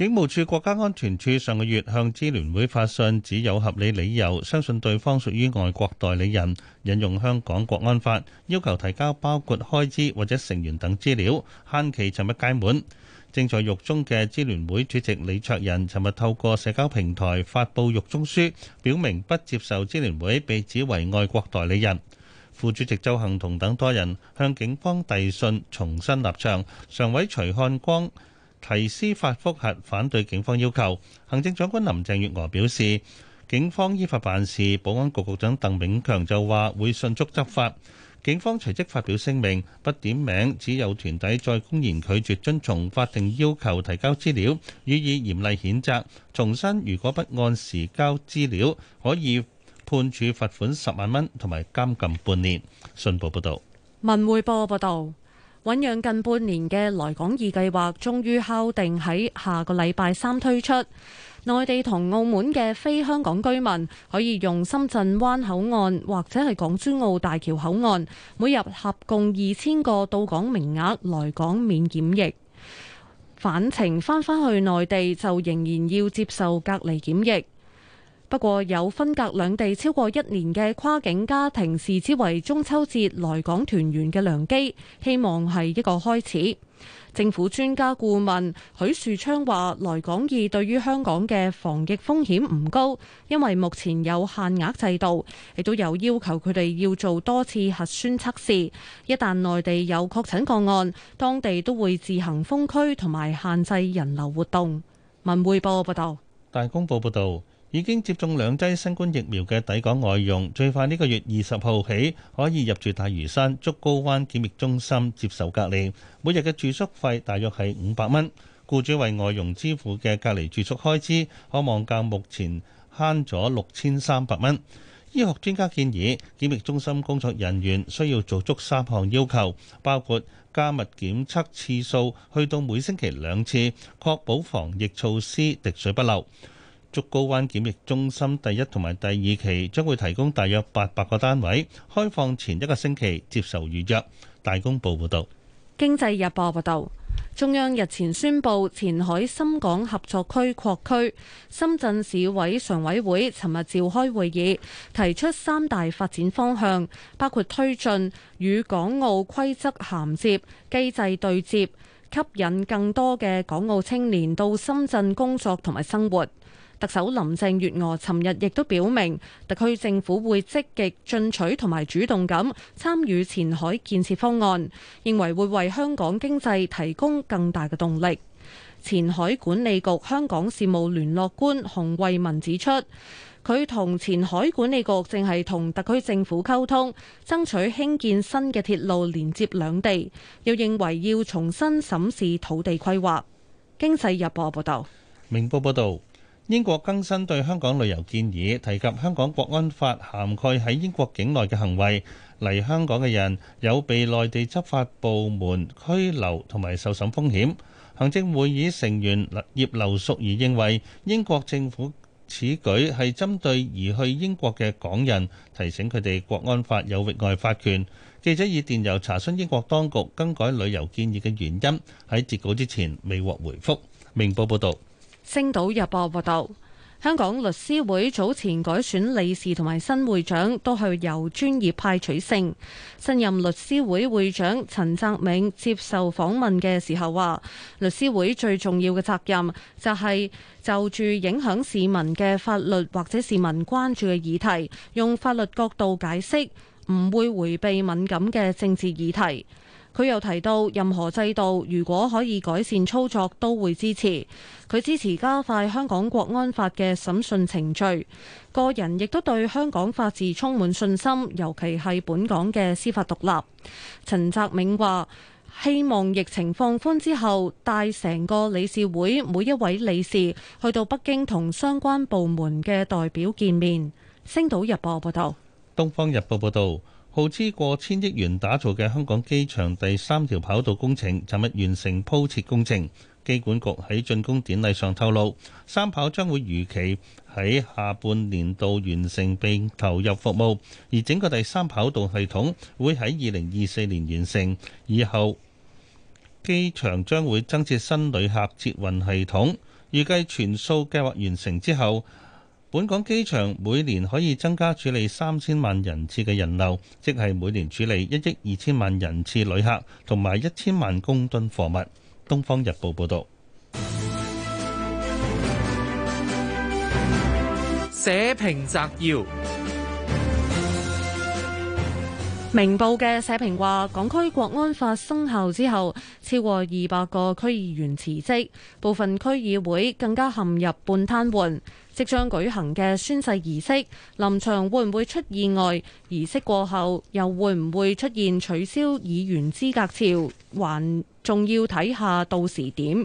D: 警務處國家安全處上個月向支聯會發信，只有合理理由相信對方屬於外國代理人，引用香港國安法要求提交包括開支或者成員等資料，限期尋日屆滿。正在獄中嘅支聯會主席李卓人尋日透過社交平台發佈獄中書，表明不接受支聯會被指為外國代理人。副主席鄒幸彤同等多人向警方遞信，重申立場。常委徐漢光，提司法復核反對警方要求，行政長官林鄭月娥表示警方依法辦事，保安局局長鄧炳強就話會迅速執法。警方隨即發表聲明，不點名，指有團體再公然拒絕遵從法定要求提交資料，予以嚴厲譴責，重申如果不按時交資料，可以判處罰款十萬蚊同埋監禁半年。信報報道，
C: 文匯報報道。醞釀近半年嘅來港易計劃終於敲定喺下個禮拜三推出，內地同澳門嘅非香港居民可以用深圳灣口岸或者係港珠澳大橋口岸，每日合共二千個到港名額來港免檢疫，返程返返去內地就仍然要接受隔離檢疫。不過有分隔兩地超過一年嘅跨境家庭視之為中秋節來港團圓嘅良機，希望係一個開始。政府專家顧問許樹昌話：來港易對於香港嘅防疫風險唔高，因為目前有限額制度，亦都有要求佢哋要做多次核酸測試。一旦內地有確診個案，當地都會自行封區同埋限制人流活動。文匯報報道，
D: 大公報報道。已經接種兩劑新冠疫苗嘅抵港外傭，最快呢個月二十號起可以入住大嶼山竹篙灣檢疫中心接受隔離，每日嘅住宿費大約係五百蚊。僱主為外傭支付嘅隔離住宿開支，可望較目前慳咗六千三百蚊。醫學專家建議，檢疫中心工作人員需要做足三項要求，包括加密檢測次數，去到每星期兩次，確保防疫措施滴水不漏。竹篙灣檢疫中心第一同埋第二期將會提供大約八百個單位，開放前一個星期接受預約。大公報報道，
C: 經濟日報報道。中央日前宣布前海深港合作區擴區，深圳市委常委會尋日召開會議，提出三大發展方向，包括推進與港澳規則銜接，機制對接，吸引更多嘅港澳青年到深圳工作同埋生活。特首林鄭月娥尋日亦都表明，特區政府會積極進取同埋主動咁參與前海建設方案，認為會為香港經濟提供更大嘅動力。前海管理局香港事務聯絡官洪為民指出，佢同前海管理局正係同特區政府溝通，爭取興建新嘅鐵路連接兩地。又認為要重新審視土地規劃。經濟日報報道，
D: 明報報道。英國更新對香港旅遊建議，提及香港國安法涵蓋喺英國境內嘅行為，嚟香港嘅人有被內地執法部門拘留同埋受審風險。行政會議成員葉劉淑儀認為，英國政府此舉係針對移去英國嘅港人，提醒佢哋國安法有域外法權。記者以電郵查詢英國當局更改旅遊建議嘅原因，喺截稿之前未獲回覆。明報報導。
C: 星島日報報道，香港律師會早前改選理事同埋新會長，都係由專業派取勝。新任律師會會長陳澤銘接受訪問嘅時候話，律師會最重要嘅責任就係就住影響市民嘅法律或者市民關注嘅議題，用法律角度解釋，唔會回避敏感嘅政治議題。佢又提到，任何制度如果可以改善操作，都會支持。佢支持加快香港國安法嘅審訊程序。個人亦都對香港法治充滿信心，尤其係本港嘅司法獨立。陳澤銘話：希望疫情放寬之後，帶成個理事會每一位理事去到北京同相關部門嘅代表見面。星島日報報道，
D: 東方日報報道。投資過千億元打造嘅香港機場第三條跑道工程，尋日完成鋪設工程。機管局喺竣工典禮上透露，三跑將會如期喺下半年度完成並投入服務，而整個第三跑道系統會喺二零二四年完成。以後機場將會增設新旅客捷運系統，預計全數計劃完成之後，本港機場每年可以增加處理三千萬人次嘅人流，即係每年處理一億二千萬人次旅客同埋一千萬公噸貨物。《東方日報》報導。社評摘要：
C: 明報嘅社評話，港區國安法生效之後，超過二百個區議員辭職，部分區議會更加陷入半癱瘓。即將舉行嘅宣誓儀式，臨場會唔會出意外？儀式過後又會唔會出現取消議員資格潮？還仲要睇下到時點。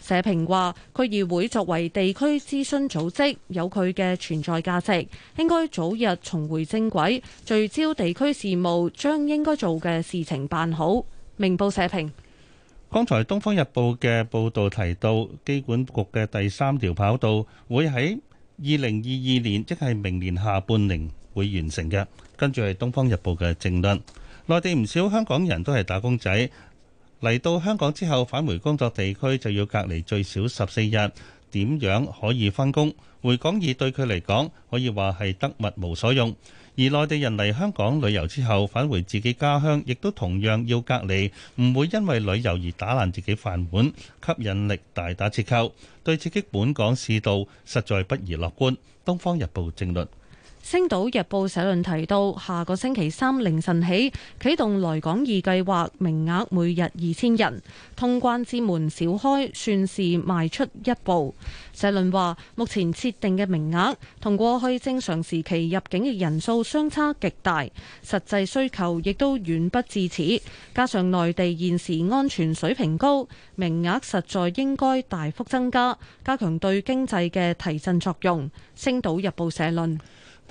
C: 社評話，區議會作為地區諮詢組織，有佢嘅存在價值，應該早日重回正軌，聚焦地區事務，將應該做嘅事情辦好。明報社評。
D: 剛才《東方日報》嘅報導提到，機管局嘅第三條跑道會喺二零二二年，即係明年下半年會完成嘅。跟住係《東方日報》嘅政論，內地唔少香港人都係打工仔，嚟到香港之後返回工作地區就要隔離最少十四日。點樣可以返工？回港易對佢嚟講，可以話係得物無所用。而內地人嚟香港旅遊之後返回自己家鄉，亦都同樣要隔離，唔會因為旅遊而打爛自己飯碗，吸引力大打折扣，對刺激本港市道實在不宜樂觀。《東方日報》正論。
C: 《星島日報》社論提到，下個星期三凌晨起啟動來港易計劃，名額每日二千人，通關之門少開算是邁出一步。社論話，目前設定嘅名額同過去正常時期入境嘅人數相差極大，實際需求亦都遠不至此。加上內地現時安全水平高，名額實在應該大幅增加，加強對經濟嘅提振作用。《星島日報》社論。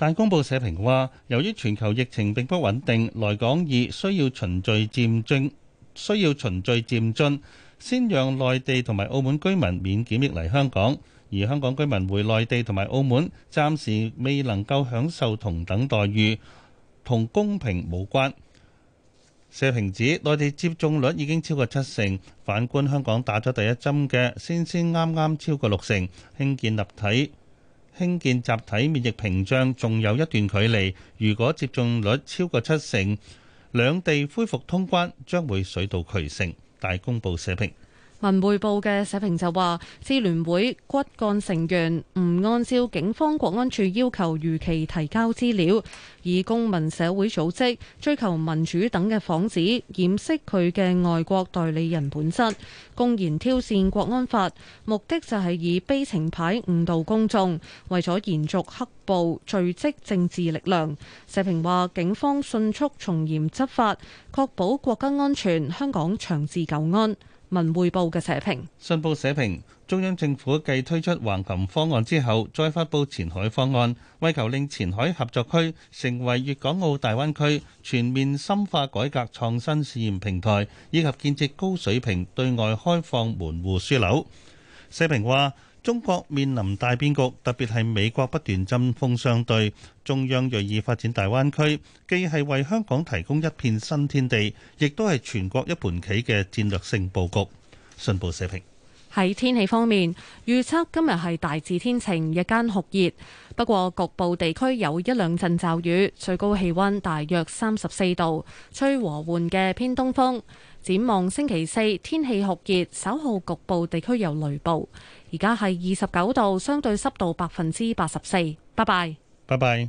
D: 但公布社評話，由於全球疫情並不穩定，來港已需要循序漸進，需要循序漸進，先讓內地同埋澳門居民免檢疫嚟香港，而香港居民回內地同埋澳門，暫時未能夠享受同等待遇，同公平無關。社評指，內地接種率已經超過七成，反觀香港打咗第一針嘅，先先啱啱超過六成，興建立體。興建集體免疫屏障仲有一段距離，如果接種率超過七成，兩地恢復通關將會水到渠成。大公報社評。
C: 文匯報嘅社評就話，支聯會骨幹成員唔按照警方國安處要求如期提交資料，以公民社會組織追求民主等嘅幌子，掩飾佢嘅外國代理人本質，公然挑戰國安法，目的就係以悲情牌誤導公眾，為咗延續黑暴、聚集政治力量。社評話，警方迅速從嚴執法，確保國家安全，香港長治久安。文匯報嘅社評，
D: 信報社評，中央政府繼推出橫琴方案之後，再發佈前海方案，為求令前海合作區成為粵港澳大灣區全面深化改革創新試驗平台，以及建設高水平對外開放門戶樞紐。社評話。中國面臨大變局，特別係美國不斷針鋒相對。中央銳意發展大灣區，既係為香港提供一片新天地，亦都係全國一盤棋嘅戰略性布局。信報社評。
C: 喺天氣方面，預測今日係大致天晴，日間酷熱，不過局部地區有一兩陣驟雨。最高氣温大約三十四度，吹和緩嘅偏東風。展望星期四，天氣酷熱，稍後局部地區有雷暴。而家係二十九度，相對濕度百分之八十四。拜拜，
D: 拜拜。